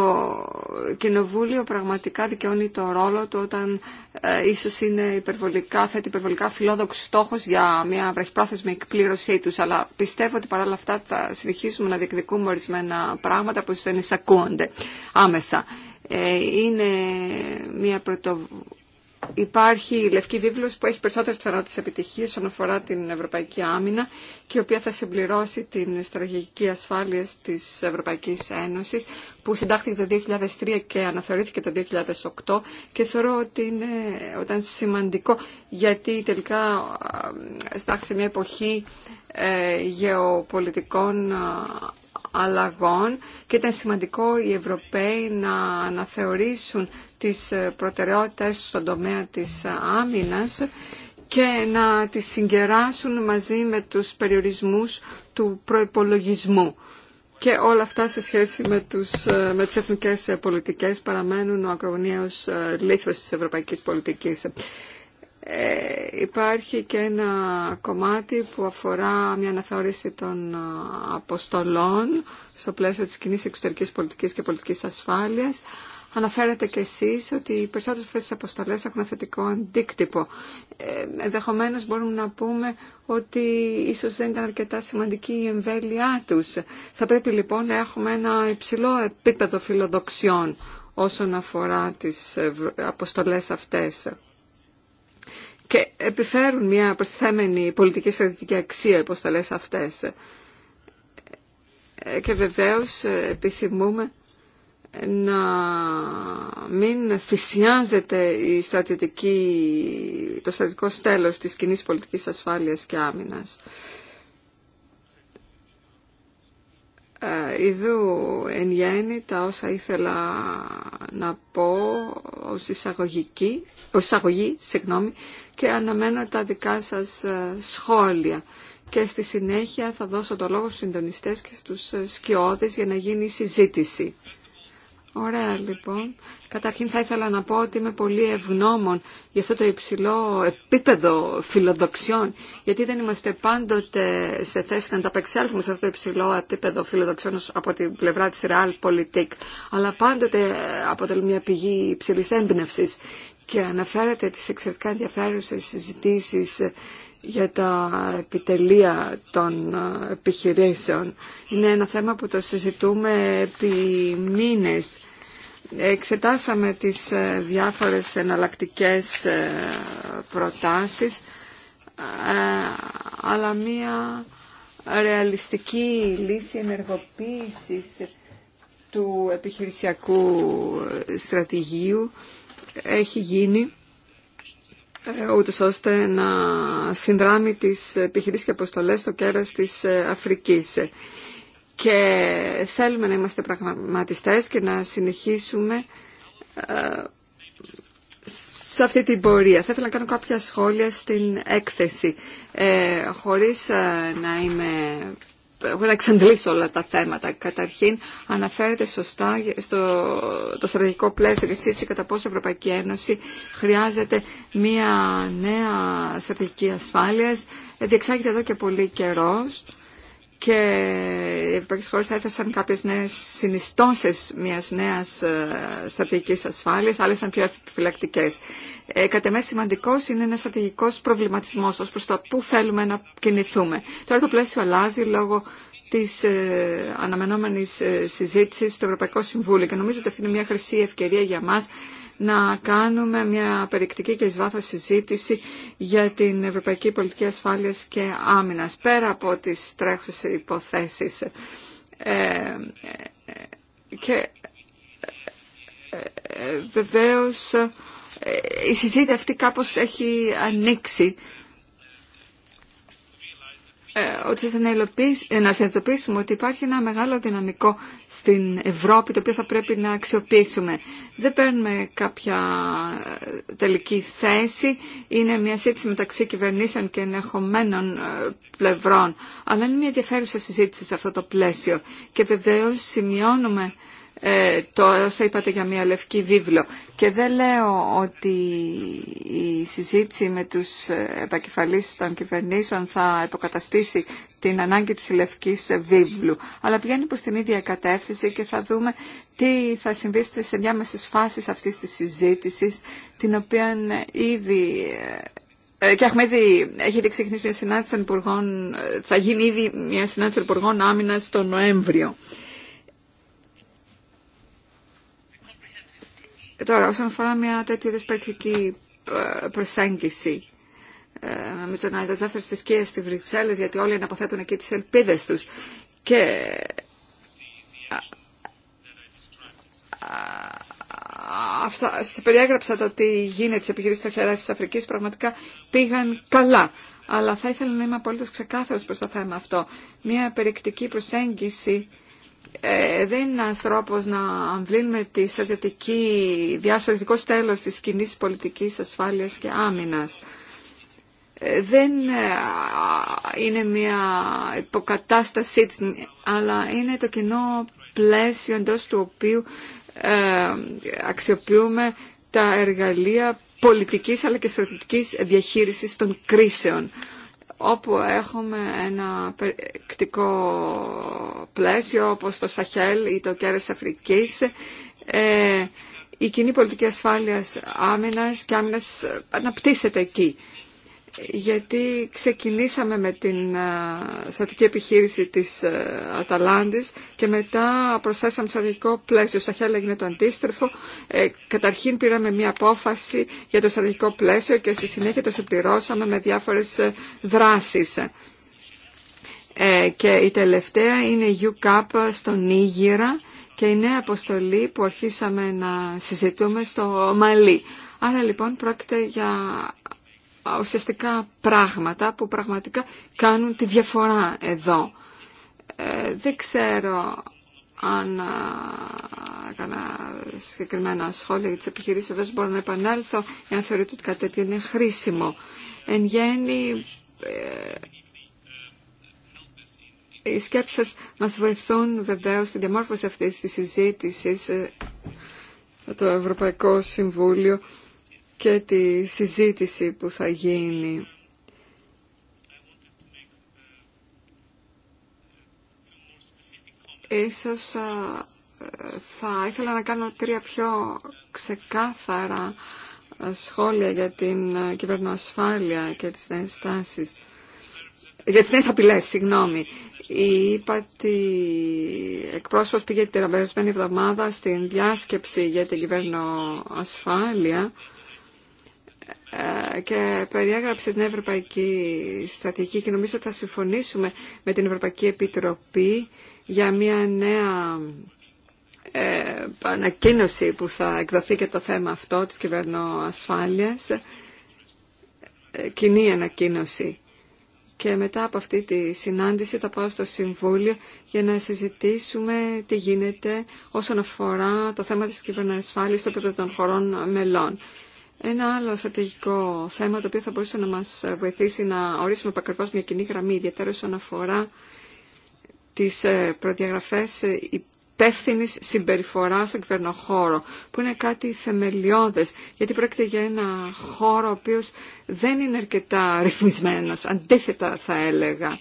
Κοινοβούλιο πραγματικά δικαιώνει το ρόλο του όταν ε, ίσως είναι υπερβολικά, θέτει υπερβολικά φιλόδοξους στόχους για μια βραχυπρόθεσμη εκπλήρωσή τους. Αλλά πιστεύω ότι παράλληλα αυτά θα συνεχίσουμε να διεκδικούμε ορισμένα πράγματα που δεν εισακούονται άμεσα. Ε, είναι μια πρωτοβουλία υπάρχει η Λευκή Βίβλος που έχει περισσότερες πιθανότητες επιτυχίες όσον αφορά την Ευρωπαϊκή Άμυνα και η οποία θα συμπληρώσει την στρατηγική ασφάλεια της Ευρωπαϊκής Ένωσης που συντάχθηκε το 2003 και αναθεωρήθηκε το 2008 και θεωρώ ότι είναι όταν σημαντικό γιατί τελικά στάξει μια εποχή ε, γεωπολιτικών αλλαγών και ήταν σημαντικό οι Ευρωπαίοι να αναθεωρήσουν τις προτεραιότητες στον τομέα της άμυνας και να τις συγκεράσουν μαζί με τους περιορισμούς του προϋπολογισμού. Και όλα αυτά σε σχέση με, τους, με τις εθνικές πολιτικές παραμένουν ο ακρογωνίος ε, λήθος της ευρωπαϊκής πολιτικής. Ε, υπάρχει και ένα κομμάτι που αφορά μια αναθεώρηση των ε, αποστολών στο πλαίσιο της κοινή εξωτερικής πολιτικής και πολιτικής ασφάλειας. Αναφέρετε κι εσείς ότι οι περισσότερες αυτές τις αποστολές έχουν θετικό αντίκτυπο. Ε, Ενδεχομένω μπορούμε να πούμε ότι ίσως δεν ήταν αρκετά σημαντική η εμβέλειά τους. Θα πρέπει λοιπόν να έχουμε ένα υψηλό επίπεδο φιλοδοξιών όσον αφορά τις αποστολές αυτές και επιφέρουν μια προσθέμενη πολιτική στρατιωτική αξία λες, αυτές. Ε, και βεβαίως ε, επιθυμούμε να μην θυσιάζεται η στρατιωτική, το στρατιωτικό στέλος της κοινή πολιτικής ασφάλειας και άμυνας. Ε, ιδού εν γέννη τα όσα ήθελα να πω ως εισαγωγική, ως εισαγωγή συγγνώμη, και αναμένω τα δικά σας ε, σχόλια. Και στη συνέχεια θα δώσω το λόγο στους συντονιστές και στους ε, σκιώδες για να γίνει η συζήτηση. Ωραία λοιπόν. Καταρχήν θα ήθελα να πω ότι είμαι πολύ ευγνώμων για αυτό το υψηλό επίπεδο φιλοδοξιών, γιατί δεν είμαστε πάντοτε σε θέση να ανταπεξέλθουμε σε αυτό το υψηλό επίπεδο φιλοδοξιών από την πλευρά της Realpolitik, αλλά πάντοτε αποτελεί μια πηγή υψηλής έμπνευσης και αναφέρατε τις εξαιρετικά ενδιαφέρουσες συζητήσεις για τα επιτελεία των ε, επιχειρήσεων. Είναι ένα θέμα που το συζητούμε επί μήνες. Εξετάσαμε τις ε, διάφορες εναλλακτικές ε, προτάσεις, αλλά μία ρεαλιστική λύση ενεργοποίησης του επιχειρησιακού στρατηγίου έχει γίνει ε, ούτως ώστε να συνδράμει τις επιχειρήσεις και αποστολές στο κέρας της ε, Αφρικής. Και θέλουμε να είμαστε πραγματιστές και να συνεχίσουμε ε, σε αυτή την πορεία. Θα ήθελα να κάνω κάποια σχόλια στην έκθεση, χωρίς να είμαι εγώ θα εξαντλήσω όλα τα θέματα. Καταρχήν αναφέρεται σωστά στο το στρατηγικό πλαίσιο και έτσι κατά πόσο η Ευρωπαϊκή Ένωση χρειάζεται μια νέα στρατηγική ασφάλειας. Ε, διεξάγεται εδώ και πολύ καιρό και οι ευρωπαϊκές χώρες έθεσαν κάποιες νέες συνιστώσεις μιας νέας ε, στρατηγικής ασφάλειας, άλλες ήταν πιο επιφυλακτικές. Ε, κατ' εμέ σημαντικός είναι ένας στρατηγικός προβληματισμός ως προς τα πού θέλουμε να κινηθούμε. Τώρα το πλαίσιο αλλάζει λόγω της ε, αναμενόμενης ε, συζήτησης στο Ευρωπαϊκό Συμβούλιο και νομίζω ότι αυτή είναι μια χρυσή ευκαιρία για μας να κάνουμε μια περιεκτική και εισβάθα συζήτηση για την Ευρωπαϊκή Πολιτική Ασφάλειας και Άμυνας, πέρα από τις τρέχουσες υποθέσεις. Ε, ε, και ε, βεβαίως η συζήτηση αυτή κάπως έχει ανοίξει ε, ότι ε, να συνειδητοποιήσουμε ότι υπάρχει ένα μεγάλο δυναμικό στην Ευρώπη το οποίο θα πρέπει να αξιοποιήσουμε. Δεν παίρνουμε κάποια ε, τελική θέση. Είναι μια σύντηση μεταξύ κυβερνήσεων και ενεχομένων πλευρών. Αλλά είναι μια ενδιαφέρουσα συζήτηση σε αυτό το πλαίσιο. Και βεβαίως σημειώνουμε ε, το όσα είπατε για μια λευκή βίβλο. Και δεν λέω ότι η συζήτηση με τους επακεφαλείς των κυβερνήσεων θα υποκαταστήσει την ανάγκη της λευκής βίβλου. Αλλά πηγαίνει προς την ίδια κατεύθυνση και θα δούμε τι θα συμβεί στις ενδιάμεσες φάσεις αυτής της συζήτησης, την οποία ήδη ε, ε, και έχουμε ήδη, έχει ήδη ξεκινήσει μια συνάντηση των υπουργών, θα γίνει ήδη μια συνάντηση των υπουργών άμυνα τον Νοέμβριο. Τώρα, όσον αφορά μια τέτοιου είδους ε, προσέγγιση, με τον Άιδος στις θρησκείας στη Βρυξέλλες, γιατί όλοι αναποθέτουν εκεί τις ελπίδες τους. Και αυτά, σας περιέγραψα το τι γίνεται στις επιχειρήσεις των χεράς της Αφρικής, πραγματικά πήγαν καλά. Αλλά θα ήθελα να είμαι απολύτως ξεκάθαρος προς το θέμα αυτό. Μια περιεκτική προσέγγιση ε, δεν είναι ένας τρόπος να αμβλύνουμε τη στρατιωτική διάσφαλιστικό στέλος της κοινή πολιτικής ασφάλειας και άμυνας. Ε, δεν ε, είναι μια υποκατάστασή αλλά είναι το κοινό πλαίσιο εντό του οποίου ε, αξιοποιούμε τα εργαλεία πολιτικής αλλά και στρατιωτικής διαχείρισης των κρίσεων όπου έχουμε ένα περιεκτικό πλαίσιο όπως το Σαχέλ ή το κέρας Αφρικής, ε, η το κερες πολιτική ασφάλειας άμυνας και άμυνας αναπτύσσεται εκεί γιατί ξεκινήσαμε με την ε, στατική επιχείρηση της ε, Αταλάντης και μετά προσθέσαμε στρατηγικό πλαίσιο. Στα χέρια έγινε το αντίστροφο. Ε, καταρχήν πήραμε μια απόφαση για το στρατηγικό πλαίσιο και στη συνέχεια το συμπληρώσαμε με διάφορες δράσεις. και η τελευταία είναι η UCAP στο Νίγηρα και η νέα αποστολή που αρχίσαμε να συζητούμε στο Μαλί. Άρα λοιπόν πρόκειται για ουσιαστικά πράγματα που πραγματικά κάνουν τη διαφορά εδώ. Ε, δεν ξέρω αν έκανα συγκεκριμένα σχόλια για τις επιχειρήσεις εδώ μπορώ να επανέλθω εάν θεωρείτε ότι κάτι τέτοιο είναι χρήσιμο. Εν γέννη, ε, οι σκέψεις σας μας βοηθούν βεβαίως στην διαμόρφωση αυτής της συζήτησης ε, το Ευρωπαϊκό Συμβούλιο και τη συζήτηση που θα γίνει. Ίσως θα ήθελα να κάνω τρία πιο ξεκάθαρα σχόλια για την κυβερνοασφάλεια και τις νέες τάσεις. Για τις νέες απειλές, συγγνώμη. Είπα ότι εκπρόσωπος πήγε την περασμένη εβδομάδα στην διάσκεψη για την κυβερνοασφάλεια ε, και περιέγραψε την Ευρωπαϊκή Στρατηγική και νομίζω ότι θα συμφωνήσουμε με την Ευρωπαϊκή Επιτροπή για μια νέα ε, ανακοίνωση που θα εκδοθεί και το θέμα αυτό της κυβερνοασφάλειας, ε, κοινή ανακοίνωση. Και μετά από αυτή τη συνάντηση θα πάω στο Συμβούλιο για να συζητήσουμε τι γίνεται όσον αφορά το θέμα της κυβερνοασφάλειας στο επίπεδο των χωρών μελών. Ένα άλλο στρατηγικό θέμα το οποίο θα μπορούσε να μας βοηθήσει να ορίσουμε επακριβώς μια κοινή γραμμή, ιδιαίτερα όσον αφορά τις ε, προδιαγραφές υπεύθυνη συμπεριφορά στον κυβερνοχώρο, που είναι κάτι θεμελιώδες, γιατί πρόκειται για ένα χώρο ο οποίος δεν είναι αρκετά ρυθμισμένος, αντίθετα θα έλεγα.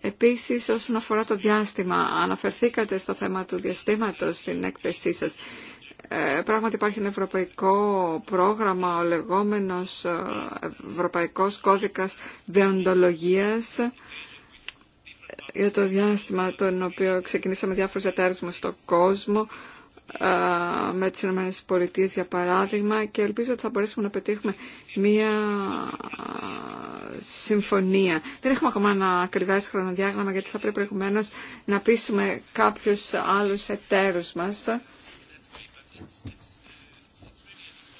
Επίσης, όσον αφορά το διάστημα, αναφερθήκατε στο θέμα του διαστήματος στην έκθεσή σας. Ε, πράγματι υπάρχει ένα ευρωπαϊκό πρόγραμμα, ο λεγόμενος ε, Ευρωπαϊκός Κώδικας Δεοντολογίας ε, για το διάστημα το οποίο ξεκινήσαμε διάφορους μας στον κόσμο με τις ΗΠΑ για παράδειγμα και ελπίζω ότι θα μπορέσουμε να πετύχουμε μία συμφωνία. Δεν έχουμε ακόμα ένα ακριβές χρονοδιάγραμμα γιατί θα πρέπει προηγουμένως να πείσουμε κάποιους άλλους εταίρους μας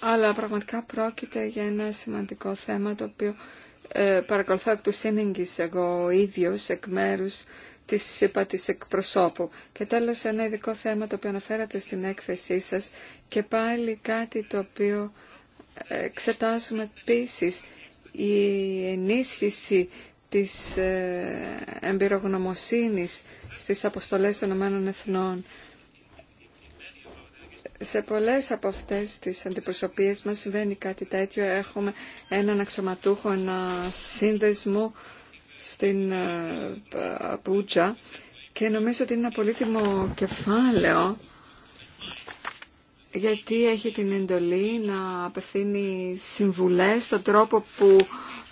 αλλά πραγματικά πρόκειται για ένα σημαντικό θέμα το οποίο ε, παρακολουθώ εκ του σύνεγγυς εγώ ο ίδιος εκ μέρους της είπα της εκπροσώπου. Και τέλος ένα ειδικό θέμα το οποίο αναφέρατε στην έκθεσή σας και πάλι κάτι το οποίο εξετάζουμε επίση η ενίσχυση της ε, εμπειρογνωμοσύνης στις αποστολές των Ηνωμένων Εθνών. Σε πολλές από αυτές τις αντιπροσωπείες μας συμβαίνει κάτι τέτοιο. Έχουμε έναν αξιωματούχο, ένα σύνδεσμο στην ε, Πούτζα και νομίζω ότι είναι ένα πολύτιμο κεφάλαιο γιατί έχει την εντολή να απευθύνει συμβουλές στον τρόπο που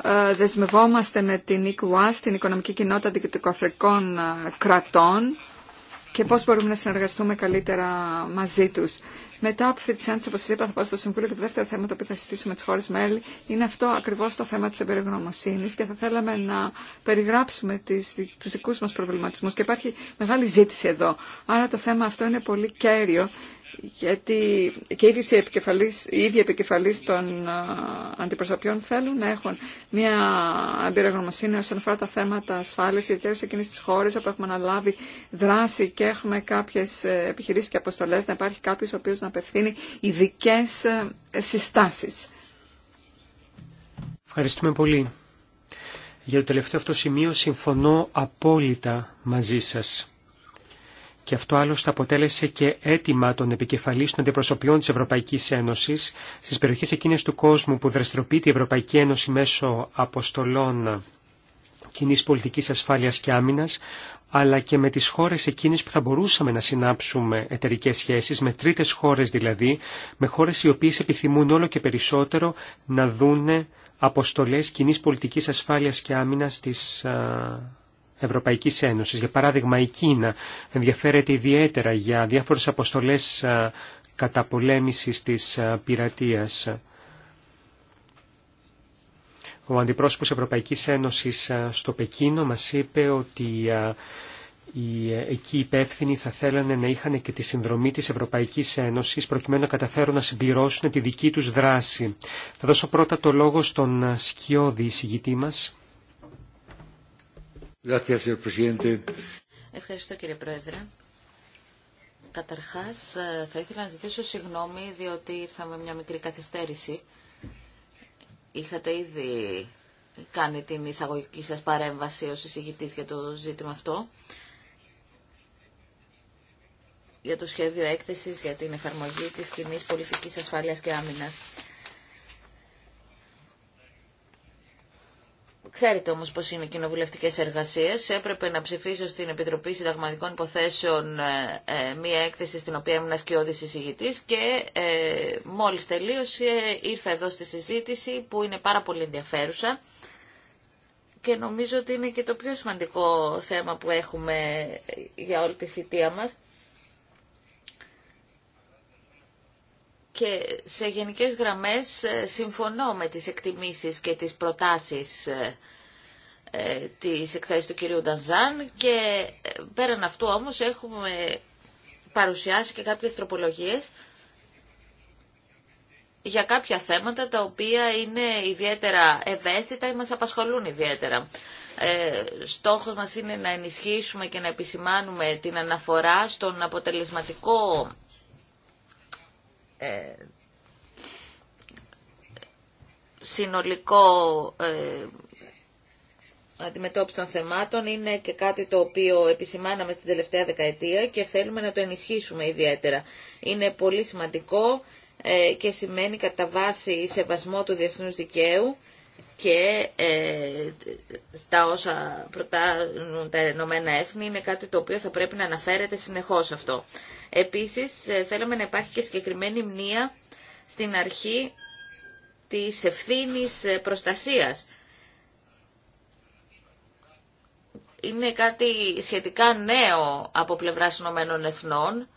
ε, δεσμευόμαστε με την ΙΚΟΑΣ, την Οικονομική Κοινότητα Δικαιωτικοαφρικών ε, Κρατών και πώς μπορούμε να συνεργαστούμε καλύτερα μαζί τους. Μετά από αυτή τη συνάντηση, όπως είπα, θα πάω στο Συμβούλιο και το δεύτερο θέμα το οποίο θα συζητήσουμε τις χώρες μέλη είναι αυτό ακριβώς το θέμα της εμπεριγνωμοσύνης και θα θέλαμε να περιγράψουμε τις, τους δικούς μας προβληματισμούς και υπάρχει μεγάλη ζήτηση εδώ. Άρα το θέμα αυτό είναι πολύ κέριο γιατί και οι ίδιοι επικεφαλείς των αντιπροσωπιών θέλουν να έχουν μια εμπειρογνωμοσύνη όσον αφορά τα θέματα ασφάλειας, ιδιαίτερα σε εκείνες τις χώρες όπου έχουμε αναλάβει δράση και έχουμε κάποιες ε, επιχειρήσεις και αποστολές, να υπάρχει κάποιος ο οποίος να απευθύνει ειδικέ ε, συστάσεις. Ευχαριστούμε πολύ. Για το τελευταίο αυτό σημείο συμφωνώ απόλυτα μαζί σας και αυτό άλλωστε αποτέλεσε και αίτημα των επικεφαλής των αντιπροσωπιών της Ευρωπαϊκής Ένωσης στις περιοχές εκείνες του κόσμου που δραστηριοποιείται η Ευρωπαϊκή Ένωση μέσω αποστολών κοινή πολιτικής ασφάλειας και άμυνας, αλλά και με τις χώρες εκείνες που θα μπορούσαμε να συνάψουμε εταιρικέ σχέσεις, με τρίτες χώρες δηλαδή, με χώρες οι οποίες επιθυμούν όλο και περισσότερο να δούνε αποστολές κοινή πολιτικής ασφάλειας και άμυνας της Ευρωπαϊκής Ένωσης. Για παράδειγμα, η Κίνα ενδιαφέρεται ιδιαίτερα για διάφορες αποστολές καταπολέμησης της πειρατείας. Ο αντιπρόσωπος Ευρωπαϊκής Ένωσης στο Πεκίνο μας είπε ότι οι ε, εκεί υπεύθυνοι θα θέλανε να είχαν και τη συνδρομή της Ευρωπαϊκής Ένωσης προκειμένου να καταφέρουν να συμπληρώσουν τη δική τους δράση. Θα δώσω πρώτα το λόγο στον σκιώδη εισηγητή μας, Ευχαριστώ κύριε Πρόεδρε. Καταρχάς ε, θα ήθελα να ζητήσω συγγνώμη διότι ήρθαμε μια μικρή καθυστέρηση. Είχατε ήδη κάνει την εισαγωγική σας παρέμβαση ως εισηγητής για το ζήτημα αυτό. Για το σχέδιο έκθεσης για την εφαρμογή της κοινή πολιτικής ασφάλειας και άμυνας. Ξέρετε όμως πώς είναι οι κοινοβουλευτικές εργασίες. Έπρεπε να ψηφίσω στην Επιτροπή Συνταγματικών Υποθέσεων ε, ε, μία έκθεση στην οποία ήμουν ασκιώδης συζητητή και ε, μόλις τελείωσε ήρθα εδώ στη συζήτηση που είναι πάρα πολύ ενδιαφέρουσα και νομίζω ότι είναι και το πιο σημαντικό θέμα που έχουμε για όλη τη θητεία μας. και σε γενικές γραμμές ε, συμφωνώ με τις εκτιμήσεις και τις προτάσεις ε, ε, της εκθέσης του κυρίου Νταζάν και πέραν αυτού όμως έχουμε παρουσιάσει και κάποιες τροπολογίες για κάποια θέματα τα οποία είναι ιδιαίτερα ευαίσθητα ή μας απασχολούν ιδιαίτερα. Ε, στόχος μας είναι να ενισχύσουμε και να επισημάνουμε την αναφορά στον αποτελεσματικό ε, συνολικό ε, αντιμετώπιση των θεμάτων είναι και κάτι το οποίο επισημάναμε την τελευταία δεκαετία και θέλουμε να το ενισχύσουμε ιδιαίτερα. Είναι πολύ σημαντικό ε, και σημαίνει κατά βάση σεβασμό του διεθνούς δικαίου και ε, στα όσα προτάνουν τα ενωμένα Έθνη είναι κάτι το οποίο θα πρέπει να αναφέρεται συνεχώς αυτό. Επίσης ε, θέλουμε να υπάρχει και συγκεκριμένη μνήμα στην αρχή της ευθύνης ε, προστασίας. Είναι κάτι σχετικά νέο από πλευράς Ενωμένων Εθνών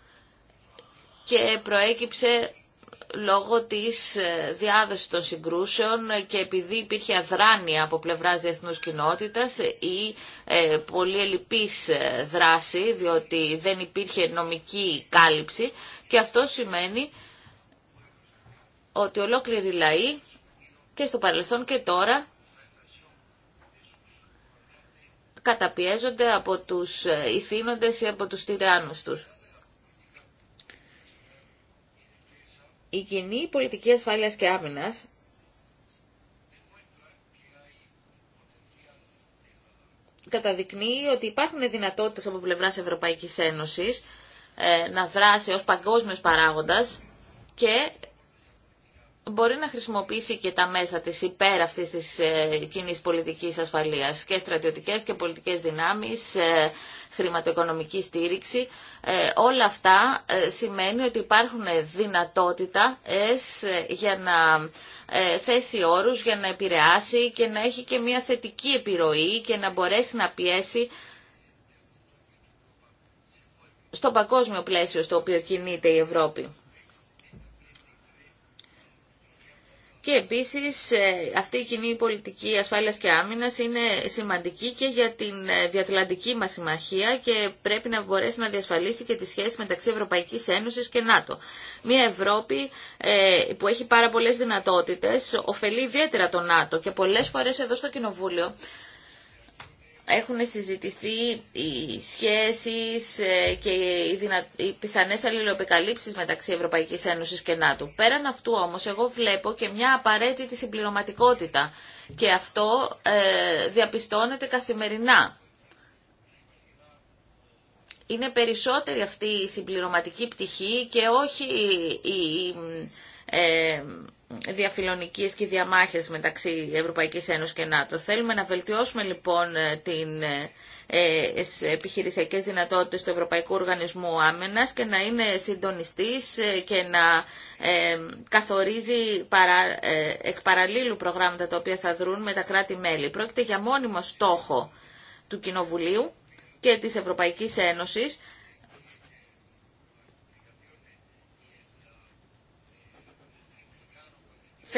και προέκυψε λόγω της ε, διάδοσης των συγκρούσεων και επειδή υπήρχε αδράνεια από πλευράς διεθνούς κοινότητας ή ε, πολύ ελλειπής ε, δράση, διότι δεν υπήρχε νομική κάλυψη και αυτό σημαίνει ότι ολόκληροι λαοί και στο παρελθόν και τώρα καταπιέζονται από τους ηθήνοντες ή από τους τυράννους τους. Η κοινή πολιτική ασφάλειας και άμυνας καταδεικνύει ότι υπάρχουν δυνατότητες από πλευράς Ευρωπαϊκής Ένωσης ε, να δράσει ως παγκόσμιος παράγοντας και μπορεί να χρησιμοποιήσει και τα μέσα της υπέρ αυτής της ε, κοινή πολιτικής ασφαλείας και στρατιωτικές και πολιτικές δυνάμεις, ε, χρηματοοικονομική στήριξη. Ε, όλα αυτά σημαίνει ότι υπάρχουν δυνατότητα για να θέσει όρους, για να επηρεάσει και να έχει και μια θετική επιρροή και να μπορέσει να πιέσει στο παγκόσμιο πλαίσιο στο οποίο κινείται η Ευρώπη. Και επίσης ε, αυτή η κοινή πολιτική ασφάλειας και άμυνας είναι σημαντική και για την ε, διατλαντική μας συμμαχία και πρέπει να μπορέσει να διασφαλίσει και τη σχέση μεταξύ Ευρωπαϊκής Ένωσης και ΝΑΤΟ. Μια Ευρώπη ε, που έχει πάρα πολλές δυνατότητες ωφελεί ιδιαίτερα το ΝΑΤΟ και πολλές φορές εδώ στο Κοινοβούλιο έχουν συζητηθεί οι σχέσεις ε, και οι, δυνα... οι πιθανές μεταξύ Ευρωπαϊκής Ένωσης και ΝΑΤΟ. Πέραν αυτού όμως εγώ βλέπω και μια απαραίτητη συμπληρωματικότητα και αυτό ε, διαπιστώνεται καθημερινά. Είναι περισσότερη αυτή η συμπληρωματική πτυχή και όχι η... η ε, διαφιλονικίες και διαμάχες μεταξύ Ευρωπαϊκής Ένωσης και ΝΑΤΟ. Θέλουμε να βελτιώσουμε λοιπόν ε, την ε, ε επιχειρησιακές δυνατότητες του Ευρωπαϊκού Οργανισμού Άμενας και να είναι συντονιστής ε, και να καθορίζει παρα, εκ παραλίλου προγράμματα τα οποία θα δρουν με τα κράτη-μέλη. Πρόκειται για μόνιμο στόχο του Κοινοβουλίου και της Ευρωπαϊκής Ένωσης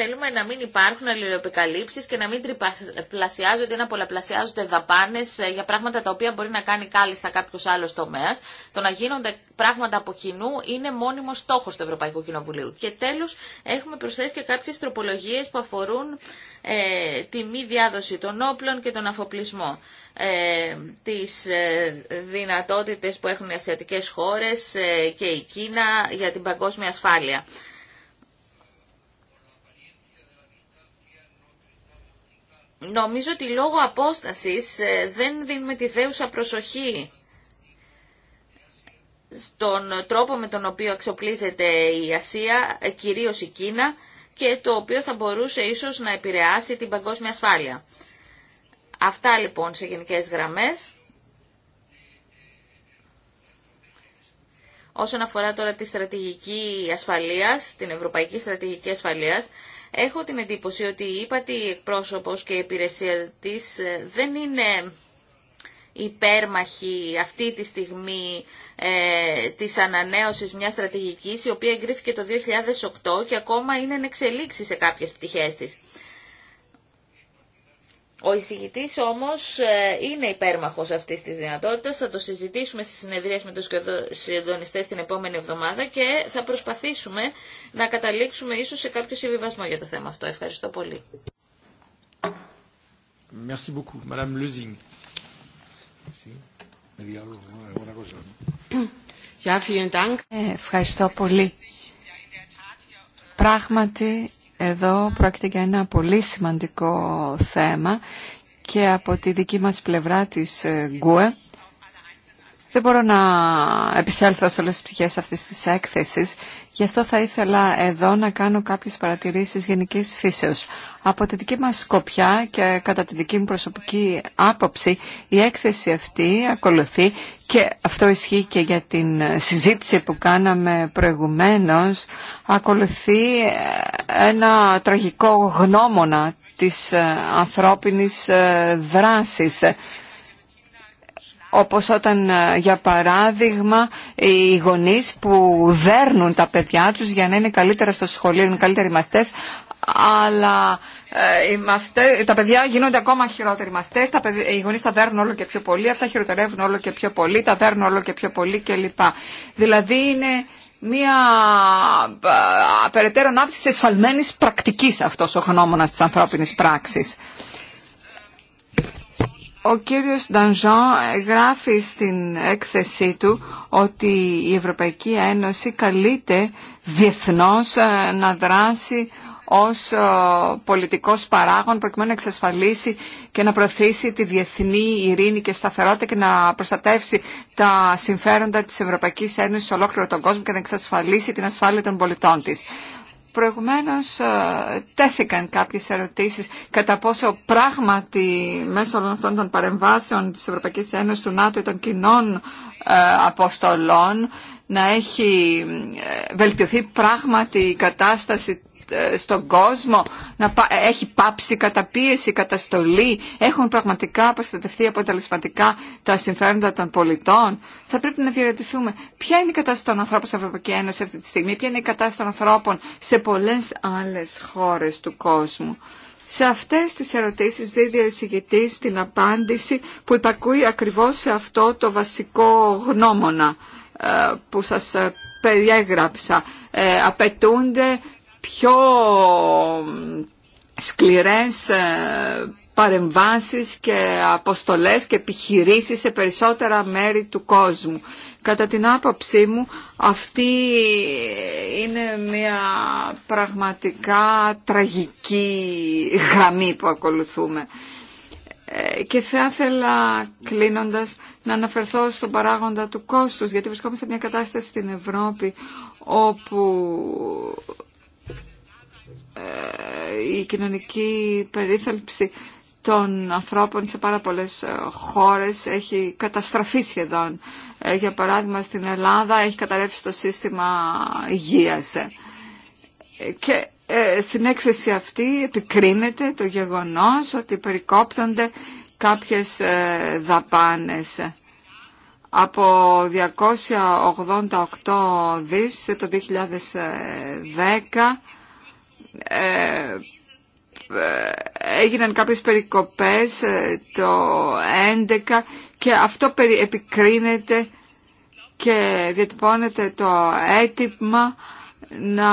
θέλουμε να μην υπάρχουν αλληλοεπικαλύψεις και να μην τριπλασιάζονται ή να πολλαπλασιάζονται δαπάνε ε, για πράγματα τα οποία μπορεί να κάνει κάλλιστα κάποιο άλλο τομέα, Το να γίνονται πράγματα από κοινού είναι μόνιμο στόχο του Ευρωπαϊκού Κοινοβουλίου. Και τέλο έχουμε προσθέσει και κάποιε τροπολογίε που αφορούν ε, τη μη διάδοση των όπλων και τον αφοπλισμό ε, τις ε, δυνατότητες που έχουν οι ασιατικές χώρες και η Κίνα για την παγκόσμια ασφάλεια. Νομίζω ότι λόγω απόστασης ε, δεν δίνουμε τη δέουσα προσοχή στον τρόπο με τον οποίο εξοπλίζεται η Ασία, ε, κυρίως η Κίνα, και το οποίο θα μπορούσε ίσως να επηρεάσει την παγκόσμια ασφάλεια. Αυτά λοιπόν σε γενικές γραμμές. Όσον αφορά τώρα τη στρατηγική ασφαλείας, την ευρωπαϊκή στρατηγική ασφαλείας, Έχω την εντύπωση ότι η ύπατη εκπρόσωπος και η υπηρεσία της ε, δεν είναι υπέρμαχη αυτή τη στιγμή ε, της ανανέωσης μιας στρατηγικής η οποία εγκρίθηκε το 2008 και ακόμα είναι εξελίξει σε κάποιες πτυχές της. Ο εισηγητής όμως ε, είναι υπέρμαχος αυτή τη δυνατότητα. θα το συζητήσουμε στις συνεδρίες με τους συντονιστέ την επόμενη εβδομάδα και θα προσπαθήσουμε να καταλήξουμε ίσως σε κάποιο συμβιβασμό για το θέμα αυτό. Ευχαριστώ πολύ. Merci beaucoup, Madame ε, Ευχαριστώ πολύ. Πράγματι, εδώ πρόκειται για ένα πολύ σημαντικό θέμα και από τη δική μας πλευρά της ε, ΓΚΟΕ δεν μπορώ να επισέλθω σε όλες τις πτυχές αυτής της έκθεσης, γι' αυτό θα ήθελα εδώ να κάνω κάποιες παρατηρήσεις γενικής φύσεως. Από τη δική μας σκοπιά και κατά τη δική μου προσωπική άποψη η έκθεση αυτή ακολουθεί και αυτό ισχύει και για την συζήτηση που κάναμε προηγουμένως ακολουθεί ε, ένα τραγικό γνώμονα της ε, ανθρώπινης ε, δράσης όπως όταν ε, για παράδειγμα οι γονείς που δέρνουν τα παιδιά τους για να είναι καλύτερα στο σχολείο, είναι καλύτεροι μαθητές, αλλά ε, τα παιδιά γίνονται ακόμα χειρότεροι μαθητές, τα οι γονείς τα δέρνουν όλο και πιο πολύ, αυτά χειροτερεύουν όλο και πιο πολύ, τα δέρνουν όλο και πιο πολύ κλπ. Δηλαδή είναι μια ε, περαιτέρω ανάπτυξη εσφαλμένης πρακτικής αυτός ο γνώμονας της ανθρώπινης πράξης. Ο κύριος Ντανζόν γράφει στην έκθεσή του ότι η Ευρωπαϊκή Ένωση καλείται διεθνώς ε, να δράσει ως ε, πολιτικός παράγων προκειμένου να εξασφαλίσει και να προωθήσει τη διεθνή ειρήνη και σταθερότητα και να προστατεύσει τα συμφέροντα της Ευρωπαϊκής Ένωσης σε ολόκληρο τον κόσμο και να εξασφαλίσει την ασφάλεια των πολιτών της. Προηγουμένως ε, τέθηκαν κάποιες ερωτήσεις κατά πόσο πράγματι μέσω όλων αυτών των παρεμβάσεων της Ευρωπαϊκής Ένωσης, του ΝΑΤΟ ή των κοινών ε, αποστολών να έχει ε, βελτιωθεί πράγματι η κατάσταση ε, στον κόσμο, να ε, έχει πάψει καταπίεση, καταστολή, έχουν πραγματικά προστατευτεί αποτελεσματικά τα συμφέροντα των πολιτών. Θα πρέπει να διαρωτηθούμε ποια είναι η κατάσταση των ανθρώπων στην Ευρωπαϊκή Ένωση αυτή τη στιγμή, ποια είναι η κατάσταση των ανθρώπων σε πολλέ άλλε χώρε του κόσμου. Σε αυτές τις ερωτήσεις δίδει ο εισηγητής την απάντηση που υπακούει ακριβώς σε αυτό το βασικό γνώμονα ε, που σας περιέγραψα. Ε, απαιτούνται πιο σκληρές ε, παρεμβάσεις και αποστολές και επιχειρήσεις σε περισσότερα μέρη του κόσμου. Κατά την άποψή μου αυτή είναι μια πραγματικά τραγική γραμμή που ακολουθούμε. Ε, και θα ήθελα κλείνοντας να αναφερθώ στον παράγοντα του κόστους, γιατί βρισκόμαστε σε μια κατάσταση στην Ευρώπη όπου ε, η κοινωνική περίθαλψη των ανθρώπων σε πάρα πολλές ε, χώρες έχει καταστραφεί σχεδόν. Ε, για παράδειγμα στην Ελλάδα έχει καταρρεύσει το σύστημα υγείας. Και στην έκθεση αυτή επικρίνεται το γεγονός ότι περικόπτονται κάποιες δαπάνες. Από 288 δις το 2010 ε, ε, έγιναν κάποιες περικοπές ε, το 11 και αυτό επικρίνεται και διατυπώνεται το αίτημα να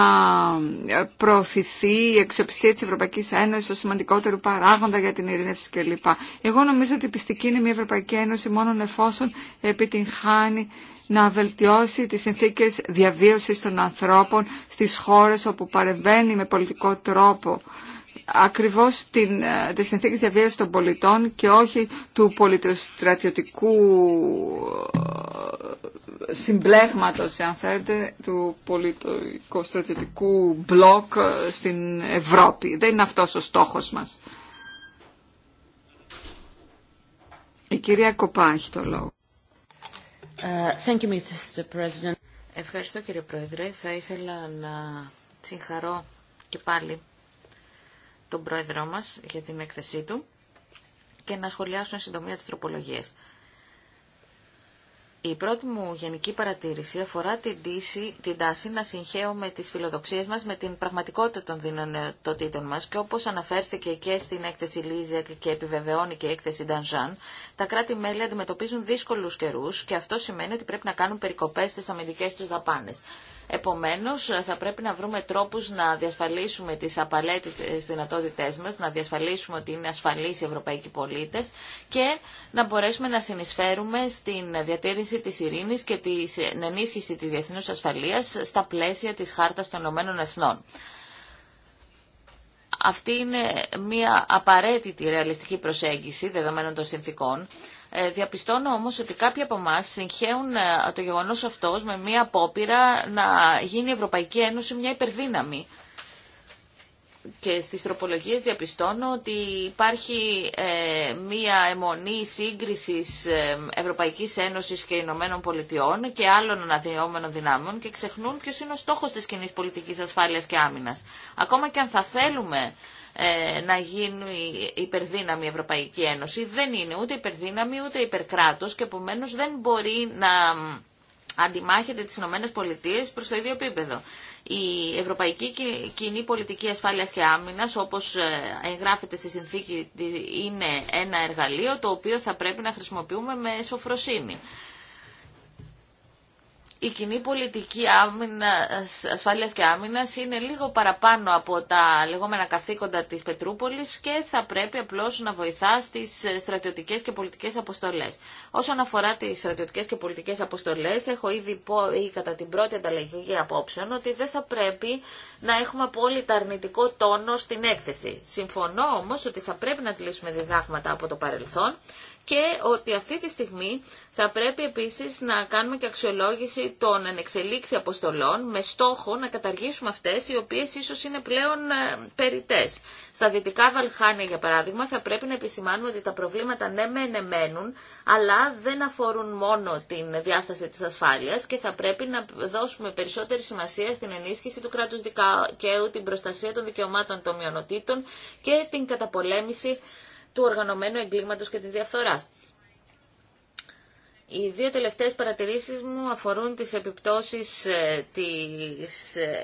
προωθηθεί η εξοπιστία της Ευρωπαϊκής Ένωσης ως σημαντικότερο παράγοντα για την ειρήνευση κλπ. Εγώ νομίζω ότι η πιστική είναι μια Ευρωπαϊκή Ένωση μόνο εφόσον επιτυγχάνει να βελτιώσει τις συνθήκες διαβίωσης των ανθρώπων στις χώρες όπου παρεμβαίνει με πολιτικό τρόπο ακριβώς την, ε, τις συνθήκες διαβίωσης των πολιτών και όχι του πολιτοστρατιωτικού ε, συμπλέγματος, αν θέλετε, του πολιτοστρατιωτικού μπλοκ ε, στην Ευρώπη. Δεν είναι αυτός ο στόχος μας. Η κυρία Κοπά έχει το λόγο. Uh, Ευχαριστώ κύριε Πρόεδρε. Θα ήθελα να συγχαρώ και πάλι τον Πρόεδρό μας για την έκθεσή του και να σχολιάσω εν συντομία τις τροπολογίες. Η πρώτη μου γενική παρατήρηση αφορά την, τύση, την τάση να συγχαίουμε τις φιλοδοξίες μας με την πραγματικότητα των δυνατοτήτων μας και όπως αναφέρθηκε και στην έκθεση Λίζια και επιβεβαιώνει και η έκθεση Ντανζάν, τα κράτη-μέλη αντιμετωπίζουν δύσκολους καιρούς και αυτό σημαίνει ότι πρέπει να κάνουν περικοπές στις αμυντικές τους δαπάνες. Επομένως, θα πρέπει να βρούμε τρόπους να διασφαλίσουμε τις απαραίτητες δυνατότητές μας, να διασφαλίσουμε ότι είναι ασφαλείς οι ευρωπαϊκοί πολίτες και να μπορέσουμε να συνεισφέρουμε στην διατήρηση της ειρήνης και την ενίσχυση της διεθνούς ασφαλείας στα πλαίσια της Χάρτας των Ηνωμένων Εθνών. Αυτή είναι μια απαραίτητη ρεαλιστική προσέγγιση δεδομένων των συνθήκων ε, διαπιστώνω όμως ότι κάποιοι από εμά συγχαίουν ε, το γεγονός αυτό με μια απόπειρα να γίνει η Ευρωπαϊκή Ένωση μια υπερδύναμη. Και στις τροπολογίες διαπιστώνω ότι υπάρχει ε, μία αιμονή σύγκρισης Ευρωπαϊκής Ένωσης και Ηνωμένων Πολιτειών και άλλων αναδυόμενων δυνάμεων και ξεχνούν ποιος είναι ο στόχος της κοινή πολιτικής ασφάλειας και άμυνας. Ακόμα και αν θα θέλουμε ε, να γίνει υπερδύναμη η Ευρωπαϊκή Ένωση. Δεν είναι ούτε υπερδύναμη ούτε υπερκράτος και επομένως δεν μπορεί να αντιμάχεται τις Ηνωμένες Πολιτείες προς το ίδιο επίπεδο. Η Ευρωπαϊκή Κοινή Πολιτική Ασφάλειας και Άμυνας, όπως ε, εγγράφεται στη συνθήκη, είναι ένα εργαλείο το οποίο θα πρέπει να χρησιμοποιούμε με σοφροσύνη η κοινή πολιτική άμυνας, ασφάλειας και άμυνας είναι λίγο παραπάνω από τα λεγόμενα καθήκοντα της Πετρούπολης και θα πρέπει απλώς να βοηθά στις στρατιωτικές και πολιτικές αποστολές. Όσον αφορά τις στρατιωτικές και πολιτικές αποστολές, έχω ήδη ή κατά την πρώτη ανταλλαγή απόψεων ότι δεν θα πρέπει να έχουμε απόλυτα αρνητικό τόνο στην έκθεση. Συμφωνώ όμως ότι θα πρέπει να τηλήσουμε διδάγματα από το παρελθόν και ότι αυτή τη στιγμή θα πρέπει επίσης να κάνουμε και αξιολόγηση των ενεξελίξεων αποστολών με στόχο να καταργήσουμε αυτές οι οποίες ίσως είναι πλέον ε, περιτές. Στα Δυτικά Βαλχάνια, για παράδειγμα, θα πρέπει να επισημάνουμε ότι τα προβλήματα ναι με ενεμένουν ναι αλλά δεν αφορούν μόνο την διάσταση της ασφάλειας και θα πρέπει να δώσουμε περισσότερη σημασία στην ενίσχυση του κράτους δικαίου, την προστασία των δικαιωμάτων των μειονοτήτων και την καταπολέμηση του οργανωμένου εγκλήματος και της διαφθοράς. Οι δύο τελευταίες παρατηρήσεις μου αφορούν τις επιπτώσεις ε, της ε,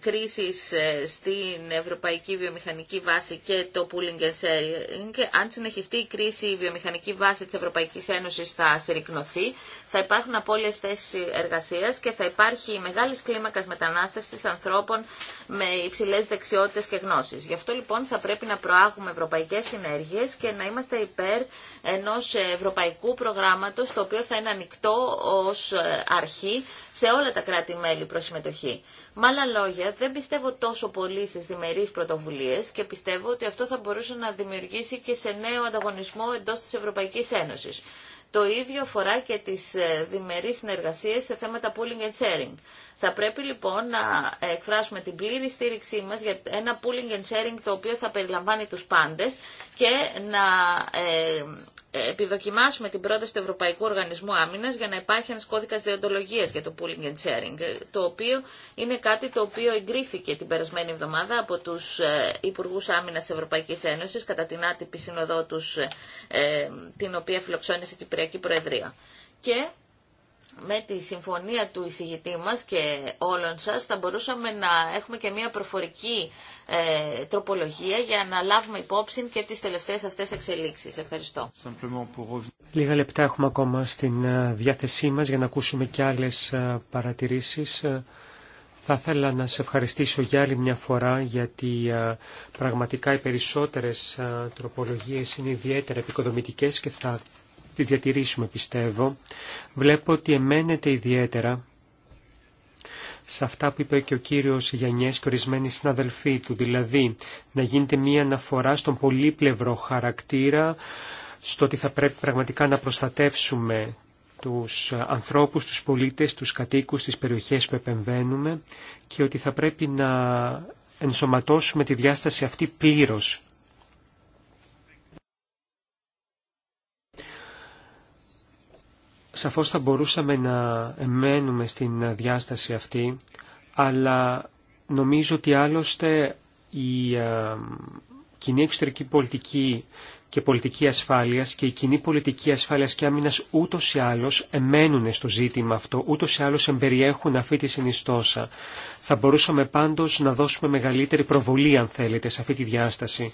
κρίσης ε, στην ευρωπαϊκή βιομηχανική βάση και το pooling and sharing. Αν συνεχιστεί η κρίση, η βιομηχανική βάση της Ευρωπαϊκής Ένωσης θα συρρυκνωθεί, θα υπάρχουν απώλειες θέσεις εργασίας και θα υπάρχει μεγάλης κλίμακας μετανάστευσης ανθρώπων με υψηλές δεξιότητες και γνώσεις. Γι' αυτό λοιπόν θα πρέπει να προάγουμε ευρωπαϊκές συνέργειες και να είμαστε υπέρ ενός ευρωπαϊκού προγράμματος προγράμματος το οποίο θα είναι ανοιχτό ως ε, αρχή σε όλα τα κράτη-μέλη προς συμμετοχή. Με άλλα λόγια, δεν πιστεύω τόσο πολύ στις διμερείς πρωτοβουλίες και πιστεύω ότι αυτό θα μπορούσε να δημιουργήσει και σε νέο ανταγωνισμό εντός της Ευρωπαϊκής Ένωσης. Το ίδιο αφορά και τις ε, διμερείς συνεργασίες σε θέματα pooling and sharing. Θα πρέπει λοιπόν να εκφράσουμε την πλήρη στήριξή μας για ένα pooling and sharing το οποίο θα περιλαμβάνει τους πάντες και να ε, επιδοκιμάσουμε την πρόταση του Ευρωπαϊκού Οργανισμού Άμυνας για να υπάρχει ένα κώδικας διοντολογία για το pooling and sharing, το οποίο είναι κάτι το οποίο εγκρίθηκε την περασμένη εβδομάδα από του ε, Υπουργού Άμυνα Ευρωπαϊκής Ένωσης κατά την άτυπη σύνοδό του, ε, την οποία φιλοξώνησε η Κυπριακή Προεδρία. Και με τη συμφωνία του εισηγητή μας και όλων σας θα μπορούσαμε να έχουμε και μια προφορική ε, τροπολογία για να λάβουμε υπόψη και τις τελευταίες αυτές εξελίξεις. Ευχαριστώ. Λίγα λεπτά έχουμε ακόμα στην ε, διάθεσή μας για να ακούσουμε και άλλες ε, παρατηρήσεις. Θα ήθελα να σε ευχαριστήσω για άλλη μια φορά γιατί πραγματικά οι περισσότερες τροπολογίες είναι ιδιαίτερα επικοδομητικές και θα τις διατηρήσουμε πιστεύω. Βλέπω ότι εμένεται ιδιαίτερα σε αυτά που είπε και ο κύριος Γιαννιές και ορισμένοι συναδελφοί του, δηλαδή να γίνεται μία αναφορά στον πολύπλευρο χαρακτήρα, στο ότι θα πρέπει πραγματικά να προστατεύσουμε τους ανθρώπους, τους πολίτες, τους κατοίκους, τις περιοχές που επεμβαίνουμε και ότι θα πρέπει να ενσωματώσουμε τη διάσταση αυτή πλήρως Σαφώς θα μπορούσαμε να εμένουμε στην διάσταση αυτή, αλλά νομίζω ότι άλλωστε η ε, κοινή εξωτερική πολιτική και πολιτική ασφάλειας και η κοινή πολιτική ασφάλειας και άμυνας ούτως ή άλλως εμένουν στο ζήτημα αυτό, ούτως ή άλλως εμπεριέχουν αυτή τη συνιστόσα. Θα μπορούσαμε πάντως να δώσουμε μεγαλύτερη προβολή, αν θέλετε, σε αυτή τη διάσταση.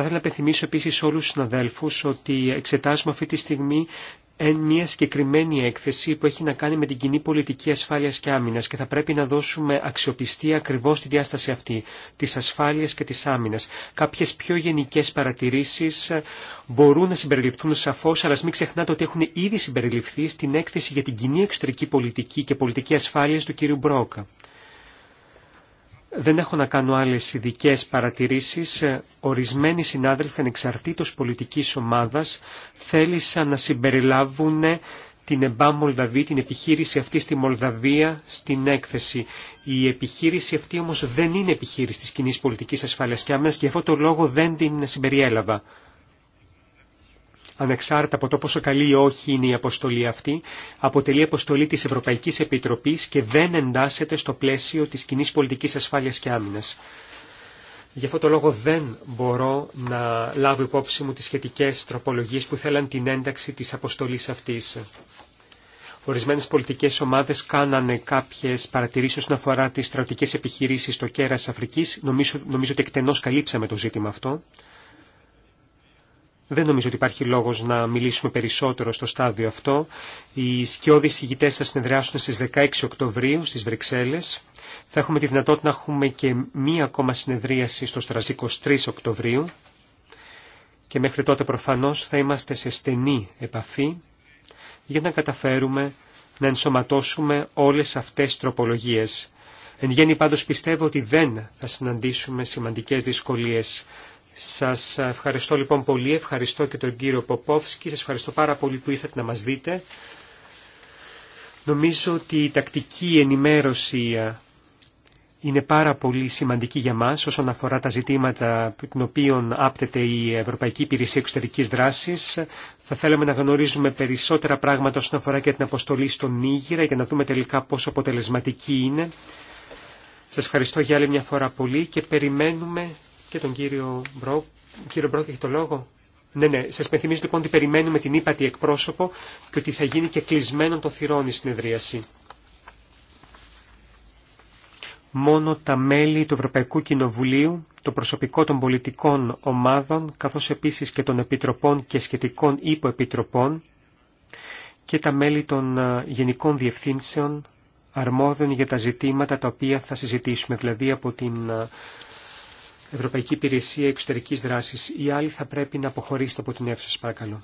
Θα ήθελα να επιθυμίσω επίσης όλους τους συναδέλφους ότι εξετάζουμε αυτή τη στιγμή μια συγκεκριμένη έκθεση που έχει να κάνει με την κοινή πολιτική ασφάλεια και άμυνας και θα πρέπει να δώσουμε αξιοπιστία ακριβώ στη διάσταση αυτή, τη ασφάλεια και τη Άμυνα. Κάποιε πιο γενικέ παρατηρήσει μπορούν να συμπεριληφθούν σαφώ, αλλά μην ξεχνάτε ότι έχουν ήδη συμπεριληφθεί στην έκθεση για την κοινή εξωτερική πολιτική και πολιτική ασφάλεια του κ. Μπρόκα. Δεν έχω να κάνω άλλες ειδικέ παρατηρήσεις. Ορισμένοι συνάδελφοι ανεξαρτήτως πολιτικής ομάδας θέλησαν να συμπεριλάβουν την ΕΜΠΑ Μολδαβή, την επιχείρηση αυτή στη Μολδαβία, στην έκθεση. Η επιχείρηση αυτή όμως δεν είναι επιχείρηση της κοινή πολιτικής ασφάλειας και άμυνας και αυτό το λόγο δεν την συμπεριέλαβα ανεξάρτητα από το πόσο καλή ή όχι είναι η αποστολή αυτή, αποτελεί αποστολή της Ευρωπαϊκής Επιτροπής και δεν εντάσσεται στο πλαίσιο της κοινή πολιτικής ασφάλειας και άμυνας. Γι' αυτό το λόγο δεν μπορώ να λάβω υπόψη μου τις σχετικές τροπολογίες που θέλαν την ένταξη της αποστολής αυτής. Ορισμένες πολιτικές ομάδες κάνανε κάποιες παρατηρήσεις όσον αφορά τις στρατιωτικές επιχειρήσεις στο κέρας Αφρικής. Νομίζω, νομίζω ότι εκτενώς καλύψαμε το ζήτημα αυτό. Δεν νομίζω ότι υπάρχει λόγος να μιλήσουμε περισσότερο στο στάδιο αυτό. Οι σκιώδεις ηγητές θα συνεδριάσουν στις 16 Οκτωβρίου στις Βρυξέλλες. Θα έχουμε τη δυνατότητα να έχουμε και μία ακόμα συνεδρίαση στο Στρασίκο 3 Οκτωβρίου. Και μέχρι τότε προφανώς θα είμαστε σε στενή επαφή για να καταφέρουμε να ενσωματώσουμε όλες αυτές τις τροπολογίες. Εν γέννη πάντως πιστεύω ότι δεν θα συναντήσουμε σημαντικές δυσκολίες. Σας ευχαριστώ λοιπόν πολύ, ευχαριστώ και τον κύριο Ποπόφσκι, σας ευχαριστώ πάρα πολύ που ήρθατε να μας δείτε. Νομίζω ότι η τακτική ενημέρωση ε, είναι πάρα πολύ σημαντική για μας όσον αφορά τα ζητήματα την οποίων άπτεται η Ευρωπαϊκή Υπηρεσία Εξωτερικής Δράσης. Θα θέλαμε να γνωρίζουμε περισσότερα πράγματα όσον αφορά και την αποστολή στον Νίγηρα για να δούμε τελικά πόσο αποτελεσματική είναι. Σας ευχαριστώ για άλλη μια φορά πολύ και περιμένουμε και τον κύριο Μπρόκ. Κύριο Μπρόκ, έχει το λόγο. Ναι, ναι. Σα υπενθυμίζω λοιπόν ότι περιμένουμε την ύπατη εκπρόσωπο και ότι θα γίνει και κλεισμένο το θυρών η συνεδρίαση. Μόνο τα μέλη του Ευρωπαϊκού Κοινοβουλίου, το προσωπικό των πολιτικών ομάδων, καθώς επίσης και των επιτροπών και σχετικών υποεπιτροπών και τα μέλη των γενικών διευθύνσεων αρμόδων για τα ζητήματα τα οποία θα συζητήσουμε, δηλαδή από την Ευρωπαϊκή Υπηρεσία Εξωτερικής Δράσης. Η άλλη θα πρέπει να αποχωρήσετε από την αίθουσα, παρακαλώ.